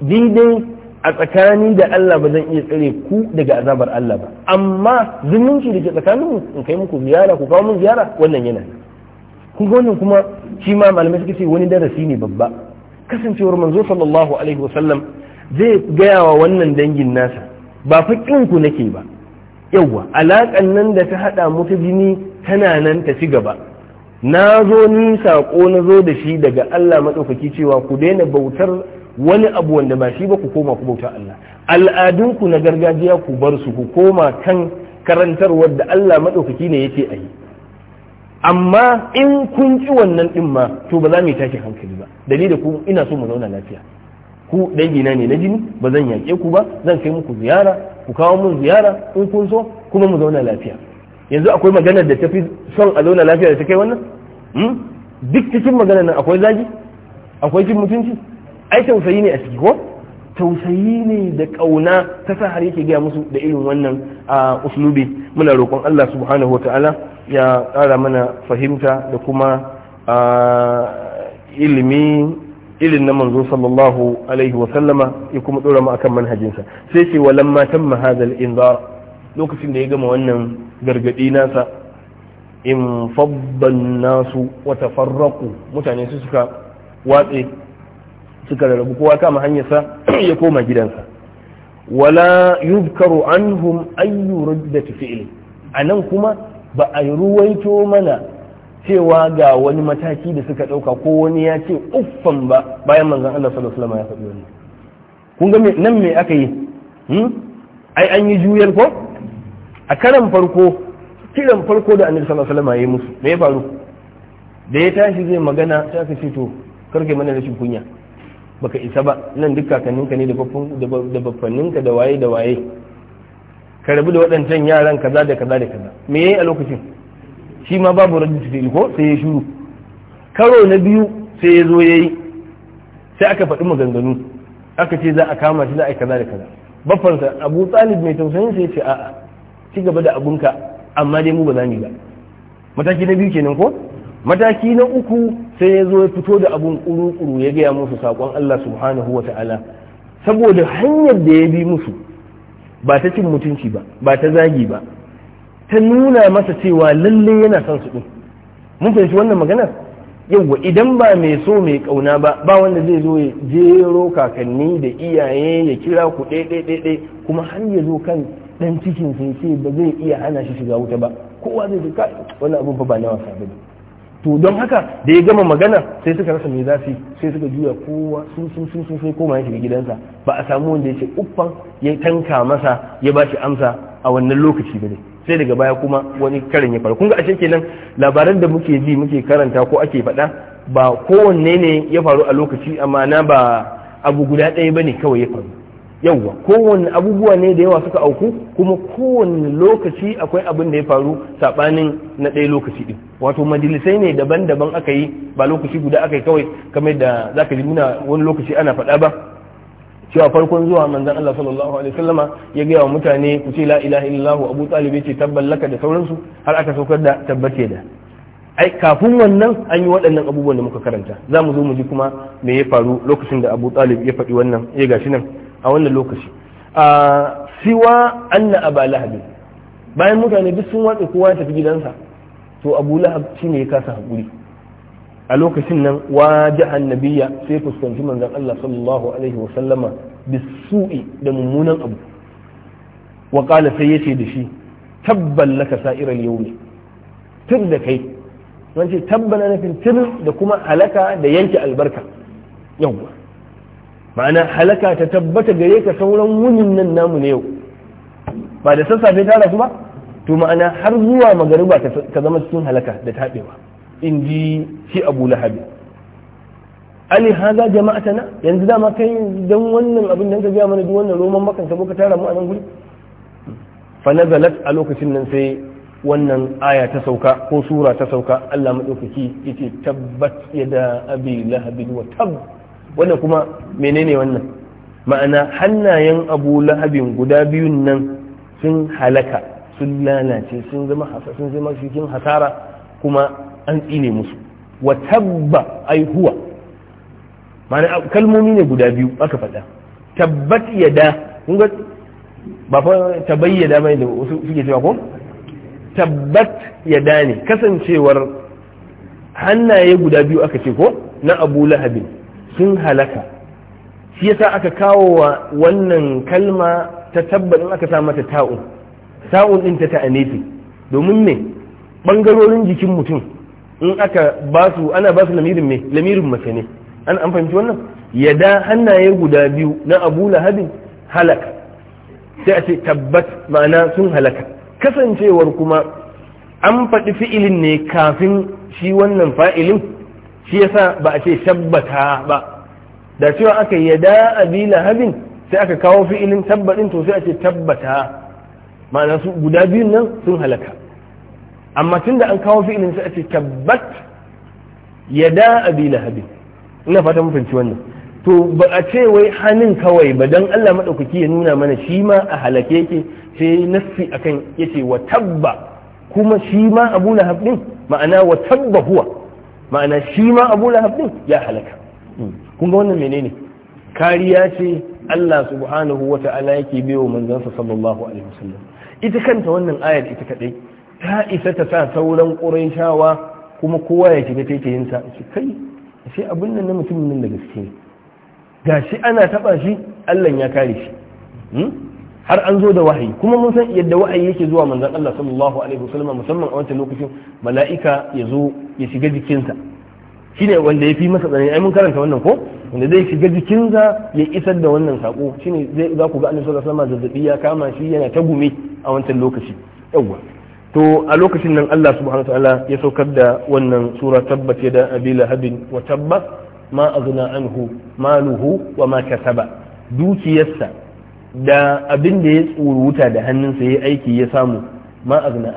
daidai a tsakani da Allah ba zan iya tsare ku daga azabar Allah ba amma zumunci da ke tsakanin in kai muku ziyara ku kawo mun ziyara wannan yana kun wannan kuma shi ma malamai suke ce wani darasi ne babba kasancewar manzo sallallahu alaihi wasallam zai gaya wa wannan dangin nasa ba fa ku nake ba yawwa alaƙan nan da ta haɗa mutu jini tana nan ta ci gaba na zo ni saƙo na zo da shi daga Allah maɗaukaki cewa ku daina bautar wani abu wanda ba shi ba ku koma ku bauta Allah al'adunku na gargajiya ku bar su ku koma kan karantarwar da Allah maɗaukaki ne yake a yi amma in kun ci wannan ɗin ma to ba za mu yi tashi hankali ba dalilin ku ina so mu zauna lafiya ku dangina ne na jini ba zan yaƙe ku ba zan kai muku ziyara ku kawo mun ziyara in kun so kuma mu zauna lafiya yanzu akwai maganar da ta fi son a zauna lafiya da ta kai wannan hmm? duk cikin maganar nan akwai zagi akwai cin mutunci ai tausayi ne a ciki ko tausayi ne da kauna ta sa har yake gaya musu da irin wannan a uslubi muna roƙon Allah subhanahu wata'ala ya ƙara mana fahimta da kuma ilimi irin na manzo sallallahu alaihi wa sallama ya kuma dora mu akan manhajinsa sai ce walamma tamma hadal inzar lokacin da ya gama wannan gargadi nasa in fabban nasu wa tafarraqu mutane su suka watse suka rarrabu kowa kama hanyarsa ya koma gidansa wala yuzkaru anhum ayyu raddati fi'li anan kuma ba a ruwaito mana cewa ga wani mataki da suka ɗauka ko wani ya ce uffan ba bayan manzan Allah sallallahu alaihi ya faɗi wannan kun ga nan me aka yi hmm? ai an yi juyar ko a karan farko kiran farko da annabi sallallahu alaihi ya yi musu me ya faru da ya tashi zai magana sai aka ce to karke mana rashin kunya baka isa ba nan duk kakanninka ne da baffanninka da waye da waye ka rabu da waɗancan yaran kaza da kaza da kaza me yayi a lokacin shi ma babu raddu fi'il ko sai ya shuru karo na biyu sai ya zo yayi sai aka faɗi maganganu aka ce za a kama shi za a yi kaza da kaza baffansa abu talib mai tausayin sai ya ce a'a ci gaba da abunka amma dai mu ba za mu ba mataki na biyu kenan ko mataki na uku sai ya zo ya fito da abun kuru-kuru ya gaya musu saƙon Allah subhanahu wa ta'ala saboda hanyar da ya bi musu ba ta cin mutunci ba ba ta zagi ba ta nuna masa cewa lalle yana son su ɗin, mun fahimci wannan maganar yawwa idan ba mai so mai kauna ba ba wanda zai zo ya jero kakanni da iyaye ya kira ku ɗaiɗaiɗaiɗai kuma har ya zo kan ɗan cikin sai ce ba zai iya hana shi shiga wuta ba kowa zai ce kai wani abun fa ba na wasa ba to don haka da ya gama magana sai suka rasa mai zafi sai suka juya kowa sun sun sun sun sai koma ya shiga gidansa ba a samu wanda ya ce uffan ya tanka masa ya ba shi amsa a wannan lokaci ba dai sai daga baya kuma wani karin ya faru kun ga ashe kenan labaran da muke ji muke karanta ko ake faɗa ba kowanne ne ya faru a lokaci amma na ba abu guda ɗaya bane kawai ya faru yauwa kowanne abubuwa ne da yawa suka auku kuma kowanne lokaci akwai abin da ya faru sabanin na ɗaya lokaci din wato majalisai ne daban-daban aka yi ba lokaci guda aka yi kawai kamar da zaka ji muna wani lokaci ana faɗa ba cewa farkon zuwa manzan Allah sallallahu alaihi wasallama ya gaya wa mutane ku ce la ilaha illallah Abu Talib ce tabbalaka da sauransu har aka saukar da tabbace da ai kafin wannan an yi waɗannan abubuwan da muka karanta za mu zo mu ji kuma me ya faru lokacin da Abu Talib ya faɗi wannan ya gashi nan a wannan lokaci a siwa anna Aba Lahab bayan mutane duk sun watsa kowa ya tafi gidansa to Abu Lahab shine ya kasa hakuri a lokacin nan waje annabiya sai fuskanci manzon Allah sallallahu alaihi wa sallama bisu'i da mummunan abu wa qala sai yace da shi tabban laka sa'iral yawmi tun da kai tabbana nufin tun da kuma halaka da yanke albarka Yau ma'ana halaka ta tabbata gare ka sauran wunin nan namu ne yau ba da sassafe ta rasu ba to ma'ana har zuwa magariba ta zama cikin halaka da taɓewa in ji shi abu lahabi ali haza tana yanzu dama kai dan wannan abin da ka gaya mana duk wannan roman makan ka tara mu a nan guri fa nazalat a lokacin nan sai wannan aya ta sauka ko sura ta sauka Allah madaukaki yace tabbat yada abi lahabi wa tab wannan kuma menene wannan ma'ana hannayen abu lahabin guda biyun nan sun halaka sun lalace sun zama sun zama cikin hasara kuma an tsine musu wa tabba ai huwa kalmomi ne guda biyu aka faɗa tabbat yada kun ga ba fa tabayyada mai da wasu suke cewa ko tabbat yada ne kasancewar hannaye guda biyu aka ce ko na abu lahabin sun halaka shi yasa aka kawo wa wannan kalma ta tabbatin aka sa mata ta'un ta'un din ta ta'anisi domin ne bangarorin jikin mutum in aka ba su ana ba su lamirin me lamirin mace ne an an fahimci wannan yada hannaye guda biyu na abu lahabin halaka sai a ce tabbat ma'ana sun halaka kasancewar kuma an faɗi fi'ilin ne kafin shi wannan fa'ilin shi yasa ba a ce shabbata ba da cewa aka da abi lahabin sai aka kawo fi'ilin tabbatin to sai a ce tabbata ma'ana su guda biyun nan sun halaka amma tun da an kawo fi'ilin sai a ce tabbat ya yada abi lahabi ina fata mun fahimci wannan to ba a ce wai hannun kawai ba dan Allah madaukaki ya nuna mana shi ma a halake yake sai nassi akan yace wa tabba kuma shi ma abu lahab din ma'ana wa tabba huwa ma'ana shi ma abu lahab din ya halaka kun ga wannan menene kariya ce Allah subhanahu wa ta'ala yake biyo manzansa sallallahu alaihi wasallam ita kanta wannan ayar ita kadai ta isa ta sa sauran shawa kuma kowa ya shiga yin sa shi kai sai abin nan na mutumin nan da gaske ne gashi ana taba shi Allah ya kare shi hmm? har an zo da wahayi kuma mun san yadda wahayi yake zuwa manzon Allah sallallahu alaihi wasallam musamman a wancan lokacin mala'ika ya zo ya shiga jikinsa shine wanda ya fi masa tsanani ai mun karanta wannan ko wanda zai shiga jikinsa ya isar da wannan sako shine zai za ku ga annabi sallallahu alaihi wasallam zazzabi ya kama shi yana ta gume a wancan lokaci yawwa to a lokacin nan Allah subhanahu wa ta'ala ya saukar da wannan sura tabbat yada abi lahabin wa tabba ma azna anhu maluhu wa ma kasaba dukiyarsa da abin da ya tsuruta da hannunsa ya aiki ya samu ma azna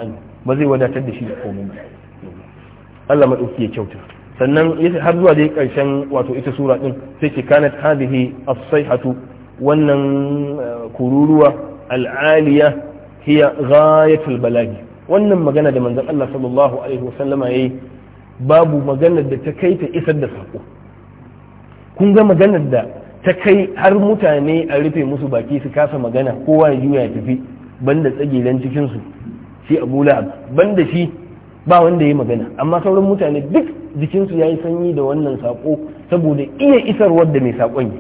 ba zai wadatar da shi da komai ba Allah madauki ya kyauta sannan har zuwa dai karshen wato ita sura din sai ke kanat hadhihi as-sayhatu wannan eh, kururuwa al'aliya hiya ghayatul balagi wannan magana da manzon Allah sallallahu alaihi wasallama yayi babu maganar da ta kai ta isar da sako kun ga maganar da ta kai har mutane a rufe musu baki su kasa magana kowa ya juya ya tafi banda tsagilan cikin su shi Abu Lahab banda shi ba wanda ya magana amma sauran mutane duk jikinsu ya yi sanyi da wannan sako saboda iya isarwar da mai sakon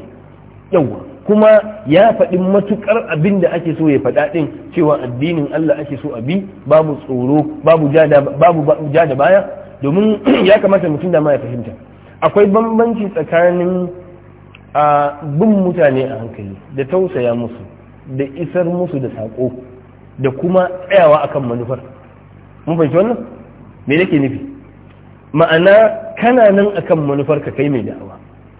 yi kuma ya faɗi matuƙar abin da ake so ya faɗa ɗin cewa addinin Allah ake so a bi babu tsoro babu ja da baya domin [CLEARS THROAT] ya kamata mutum da ma ya fahimta akwai bambanci tsakanin a bin mutane a hankali da tausaya musu da isar musu da saƙo da kuma tsayawa akan manufar mun fahimci wannan me nake nufi ma'ana kana nan akan ka kai mai da'awa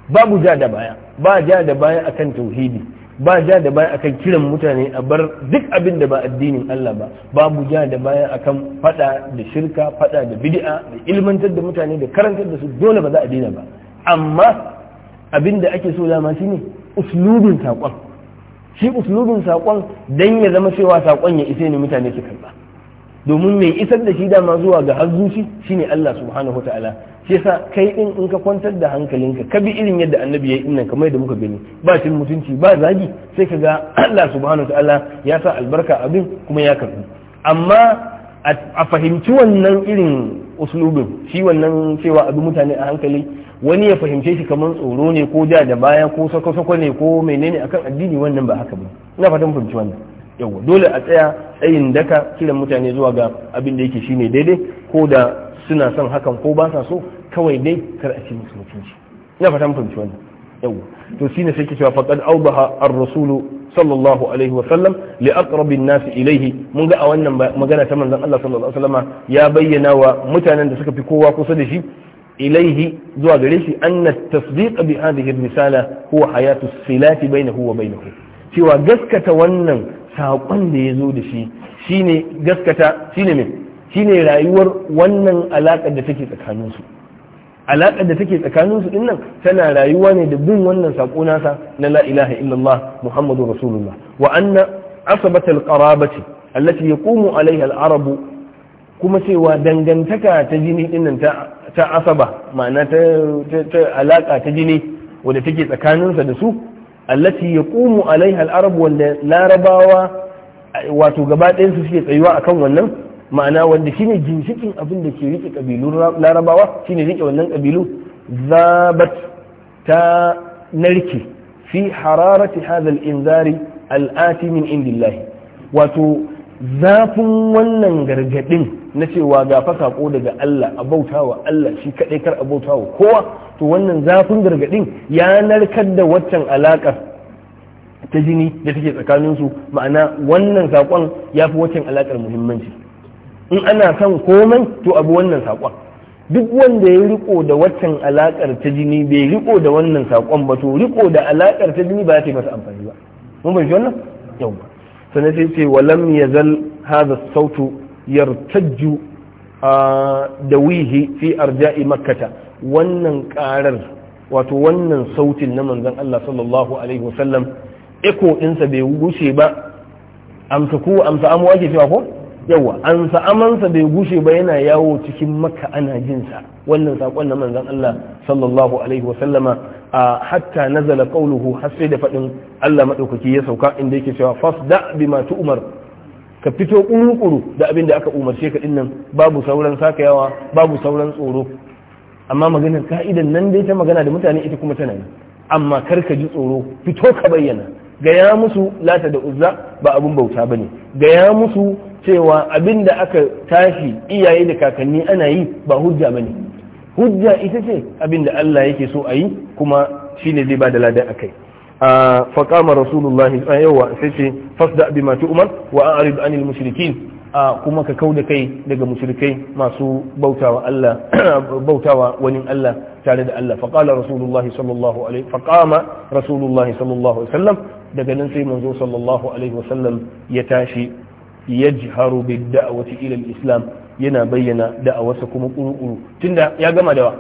babu ja da baya ba ja da baya akan tauhidi ba ja da baya akan kiran mutane a bar duk abin da ba addinin Allah ba babu ja da baya akan fada da shirka fada da bid'a da ilmantar da mutane da karantar da su dole ba za a daina ba amma abin da ake so dama shine uslubin saƙon shi uslubin saƙon dan ya zama cewa saƙon ya ise ne mutane su karba domin mai isar da shi dama zuwa ga hazzuci shine Allah subhanahu wataala. shi yasa kai din in ka kwantar da hankalinka ka bi irin yadda annabi ya yi nan kamar yadda muka gani ba cin mutunci ba zagi sai ka ga Allah subhanahu wataala ya sa albarka abin kuma ya karbi amma a fahimci wannan irin uslubin shi wannan cewa abin mutane a hankali wani ya fahimce shi kamar tsoro ne ko ja da baya ko sako-sako ne ko menene akan addini wannan ba haka ba ina fatan fahimci wannan yawa dole a tsaya tsayin daka kiran mutane zuwa ga abin da yake shine daidai ko da suna son hakan ko ba sa so kawai dai kar a ci musu mutunci ina fatan fahimci wannan yawa to shine sai ke cewa faqad awdaha ar-rasulu sallallahu alaihi wa sallam li aqrabin nas ilayhi mun ga a wannan magana ta manzon Allah sallallahu alaihi wa ya bayyana wa mutanen da suka fi kowa kusa da shi zuwa gare shi إليه دعا قريشي أن التصديق بهذه الرسالة هو حياة الصلاة بينه وبينه Cewa gaskata wannan. saƙon da ya zo da shi shine gaskata shine mai shine rayuwar wannan alaƙar da take tsakaninsu alaƙar da take tsakaninsu ɗin tana rayuwa ne da bin wannan saƙo nasa na la ilaha illallah muhammadu rasulullah wa anna asabatal qarabati allati yaqumu alaiha al-arabu kuma cewa dangantaka ta jini dinnan ta asaba ma'ana ta alaƙa ta jini wadda take tsakaninsa da su allati ya ƙumu al-arab wanda larabawa wato gaba ɗayan su suke tsayuwa akan wannan ma'ana wanda shine ginshikin abin da ke rike kabilun larabawa shine rike wannan kabilu zabat ta narke fi hararati hadha al-inzari al-ati min wato zafin wannan gargadin na cewa ga fa sako daga Allah a bautawa Allah shi kaɗai kar a bautawa kowa to wannan zafin gargaɗin ya narkar da waccan alaƙar ta jini da take tsakaninsu ma'ana wannan sakon ya fi waccan alaƙar muhimmanci in ana son komai to abu wannan sakon duk wanda ya riko da waccan alaƙar ta jini bai riko da wannan sakon ba to riko da alaƙar ta jini ba ya masa amfani ba mun bai wannan yau ba sannan sai ce walam yazal hadha sautu yartajju da wihi fi arja'i makkata wannan karar wato wannan sautin na manzon Allah sallallahu alaihi wasallam eko ɗinsa bai gushe ba amsa amu ake cewa ko yawa an amansa bai bushe ba yana yawo cikin makka ana jinsa wannan saƙon na manzon Allah sallallahu alaihi wa sallama hatta nazala qawluhu har sai da faɗin, Allah maɗaukaki ya sauka inda yake cewa fasda bima tu'mar ka fito kuru-kuru da abin da aka umarce ka dinnan babu sauran sakayawa babu sauran tsoro amma maganar ka'idan nan dai ta magana da mutane ita kuma tana amma kar ka ji tsoro fito ka bayyana gaya musu lata da uzza ba abin bauta bane gaya musu cewa abin da aka tashi iyaye da kakanni ana yi ba hujja bane hujja ita ce abin da Allah yake so a yi kuma shine zai ba da ladan kai. faƙama rasulullahi yawa sai ce fasda bi ma tu'mar wa a'rid anil mushrikin kuma ka kauda kai daga mushrikai masu bautawa wani Allah tare da Allah faqala rasulullahi sallallahu alaihi faqama rasulullahi daga nan sai manzo sallallahu alaihi wasallam ya tashi ya bid da ila al-islam yana bayyana da'awarsa kuma kuru-kuru tunda ya gama da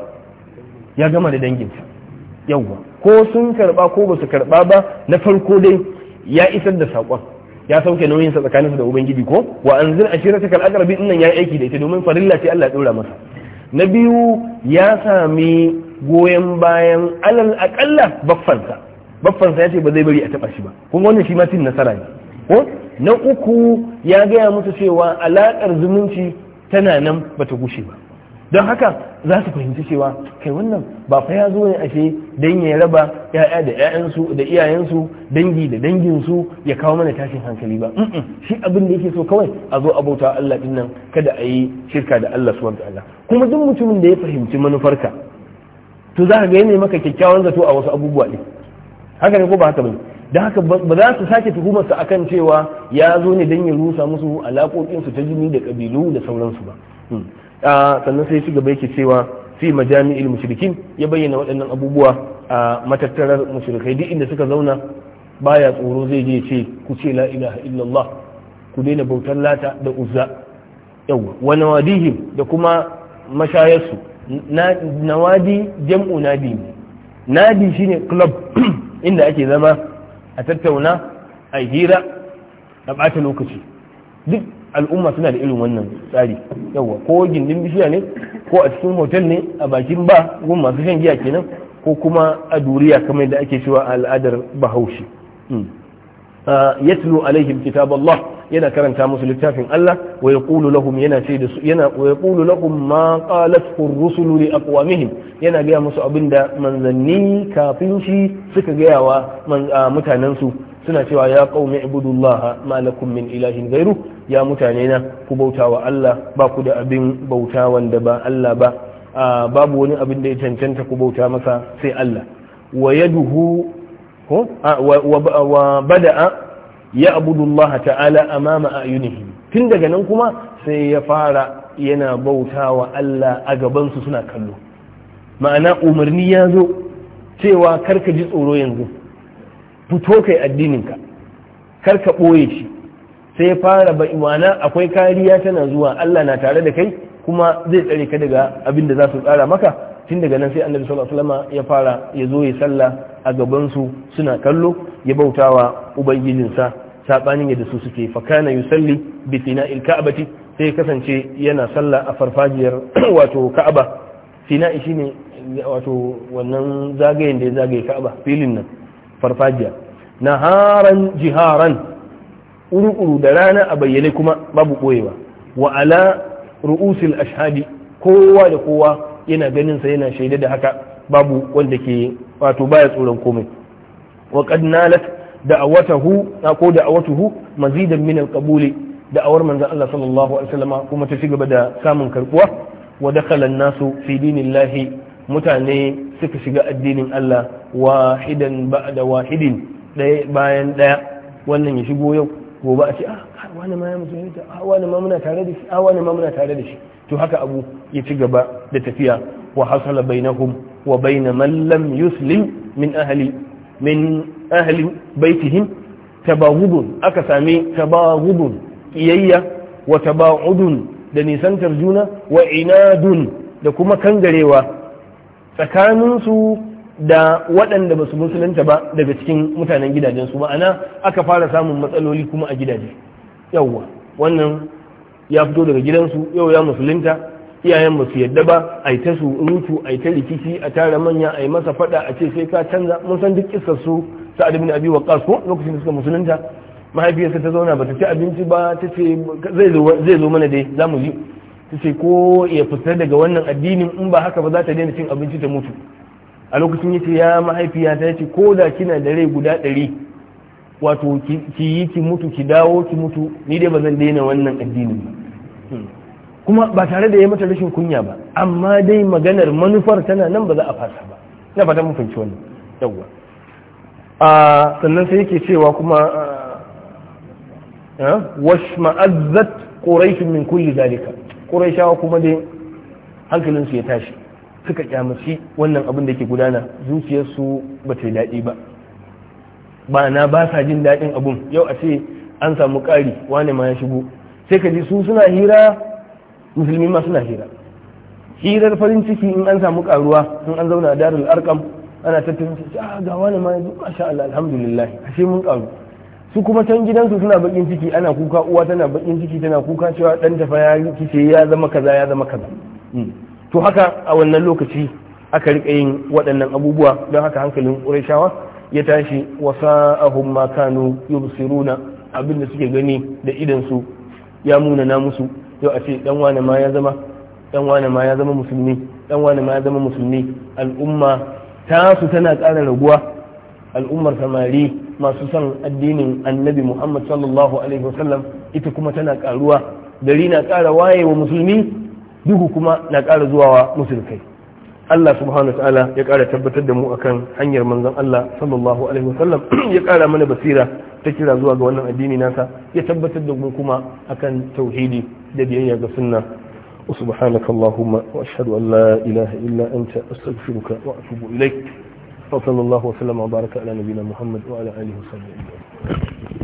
ya gama da danginsa yawwa ko sun karba ko ba su karba ba na farko dai ya isar da saƙon ya sauke nauyin sa tsakaninsa da ubangiji ko wa anzil ashirata kal aqrabi innan ya aiki da ita domin farilla ce Allah ya masa na biyu ya sami goyen bayan alal aqalla baffansa baffansa ya ce ba zai bari a taba shi ba kun wannan shi ma tin nasara ne ko na uku ya gaya musu cewa alaƙar zumunci tana nan bata gushe ba don haka za su fahimci cewa kai wannan ba fa ya zo ne ashe don ya raba ya'ya da ya'yansu da iyayensu dangi da danginsu ya kawo mana tashin hankali ba shi abin da yake so kawai a zo a bauta Allah din nan kada a yi shirka da Allah subhanahu ta'ala kuma duk mutumin da ya fahimci manufarka to za ka ga yana maka kyakkyawan zato a wasu abubuwa ne haka ne ko ba haka ba don haka ba za su sake tuhumarsa akan cewa ya zo ne don ya rusa musu alaƙoƙinsu ta jini da ƙabilu da sauransu ba hmm. sannan sai ci gaba yake cewa fi majami'il mushrikin ya bayyana waɗannan abubuwa a matattarar mushrikai duk inda suka zauna baya tsoro zai je ce ku ce la ilaha illallah ku daina bautar lata da uzza yawa wa nawadihim da kuma mashayarsu nawadi jam'u nadi ne nadi shine club [CLEARS THROAT] inda ake zama a tattauna a hira a ɓata lokaci duk al'umma suna da irin wannan tsari yawa ko gindin bishiya ne ko a cikin hotel ne a bakin ba gun masu shan giya kenan ko kuma a duriya kamar da ake cewa al'adar bahaushe hmm. yatlu alaihim kitaballah yana karanta musu littafin Allah wa yaqulu lahum yana ce da su yana ma qalat rusulu li aqwamihim yana gaya musu abinda manzanni kafin shi suka gaya wa mutanensu suna cewa ya qaumi ibudullah ma lakum min ilahin ghairu ya mutane na ku bautawa Allah baku da abin bauta wanda ba Allah ba babu wani abin da ya cancanta ku bauta masa sai Allah wa yaduhu ko wa bada'a ya abudullaha ta'ala amama ayunihi tun daga nan kuma sai ya fara yana bautawa Allah a gabansu suna kallo ma'ana umarni ya zo cewa karka ji tsoro yanzu fito kai addininka karka ɓoye shi sai fara ba imana akwai kariya tana zuwa Allah na tare da kai kuma zai tsare ka daga abin da za su tsara maka tun daga nan sai annabi sallallahu alaihi wasallam ya fara ya zo ya sallah a gabansu suna kallo ya bautawa ubangijinsa sabanin yadda su suke fakana yusalli bi sina'il ka'abati sai kasance yana sallah a farfajiyar [CLEARS THROAT] wato ka'aba sina'i shine wato wannan zagayen da ya zagaye ka'aba filin nan farfajiya naharan jiharan uru-uru da rana a bayyane kuma babu koyewa wa ala ru'usil ashhadi kowa da kowa yana ganin sa yana shaida da haka babu wanda ke wato baya tsoron komai wa qad nalat da'awatahu ko da'awatuhu mazidan min al da'awar manzon Allah sallallahu alaihi wasallama kuma ta cigaba da samun karbuwa wa dakhala an-nasu fi dinillahi mutane suka shiga addinin Allah wahidan ba'da wahidin daya bayan daya wannan ya shigo yau gobe a ce ah wani ma ya musulunta ah wani ma muna tare da shi ah wani ma muna tare da shi to haka abu ya ci gaba da tafiya wa hasala bainahum wa baina man lam min ahalin min ahli aka sami tabaghudun iyayya wa taba'udun da nisantar juna wa inadun da kuma kangarewa tsakaninsu da waɗanda basu musulunta ba daga cikin mutanen gidajensu ma'ana aka fara samun matsaloli kuma a gidaje yawwa wannan ya fito daga gidansu yau ya musulunta iyayen ba su yadda ba a ta rutu a ta rikici a tara manya a yi masa fada a ce sai ka canza mun san duk kisar su sa'ad ibn abi waqqas ko lokacin da suka musulunta mahaifiyarsa ta zauna ba ta ci abinci ba ta ce zai zo mana dai za mu ji ta ce ko ya fitar daga wannan addinin in ba haka ba za ta daina cin abinci ta mutu a lokacin yace ya mahaifiya ta ce ko da kina da rai guda ɗari wato ki yi ki mutu ki dawo ki mutu ni dai ba zan daina wannan addinin ba kuma ba tare da ya mata rashin kunya ba amma dai maganar manufar tana nan ba za a fasa ba na fata mun fahimci wannan yawwa a sannan sai yake cewa kuma wash ma'azzat quraish min kulli zalika quraishawa kuma dai hankalin su ya tashi suka kyamaci wannan abin da ke gudana zuciyarsu ba ta daɗi ba ba na ba sa jin daɗin abun yau a ce an samu ƙari wane ma ya shigo sai ka ji su suna hira musulmi ma suna hira hirar farin ciki in an samu karuwa in an zauna a darul arkam ana tattauna ciki a ah, ga wani ma yanzu masha Allah alhamdulillah ashe mun karu su kuma can gidansu suna bakin ciki ana kuka uwa tana bakin ciki tana kuka cewa dan tafa ya kice ya zama kaza ya zama kaza hmm. to haka a wannan lokaci aka rika yin waɗannan abubuwa don haka hankalin ƙurashawa ya tashi wasa'ahum ma kanu yubsiruna abin da suke gani da idan su ya muna na musu yau a ce dan wani ma ya zama dan ma ya zama musulmi dan ma ya zama musulmi al'umma tasu tana ƙara raguwa al'ummar samari masu son addinin annabi muhammad sallallahu alaihi wasallam ita kuma tana ƙaruwa gari na ƙara waye wa musulmi duhu kuma na ƙara zuwa wa musulkai Allah subhanahu ta'ala ya ƙara tabbatar da mu akan hanyar manzon Allah sallallahu alaihi wasallam [CLEARS THROAT] ya ƙara mana basira ta kira zuwa ga wannan addini nasa ya tabbatar da mu kuma akan tauhidi da biyayya ga sunna subhanaka allahumma wa ashhadu an ilaha illa anta astaghfiruka wa atubu ilaik wa wa sallama wa baraka ala nabiyyina muhammad wa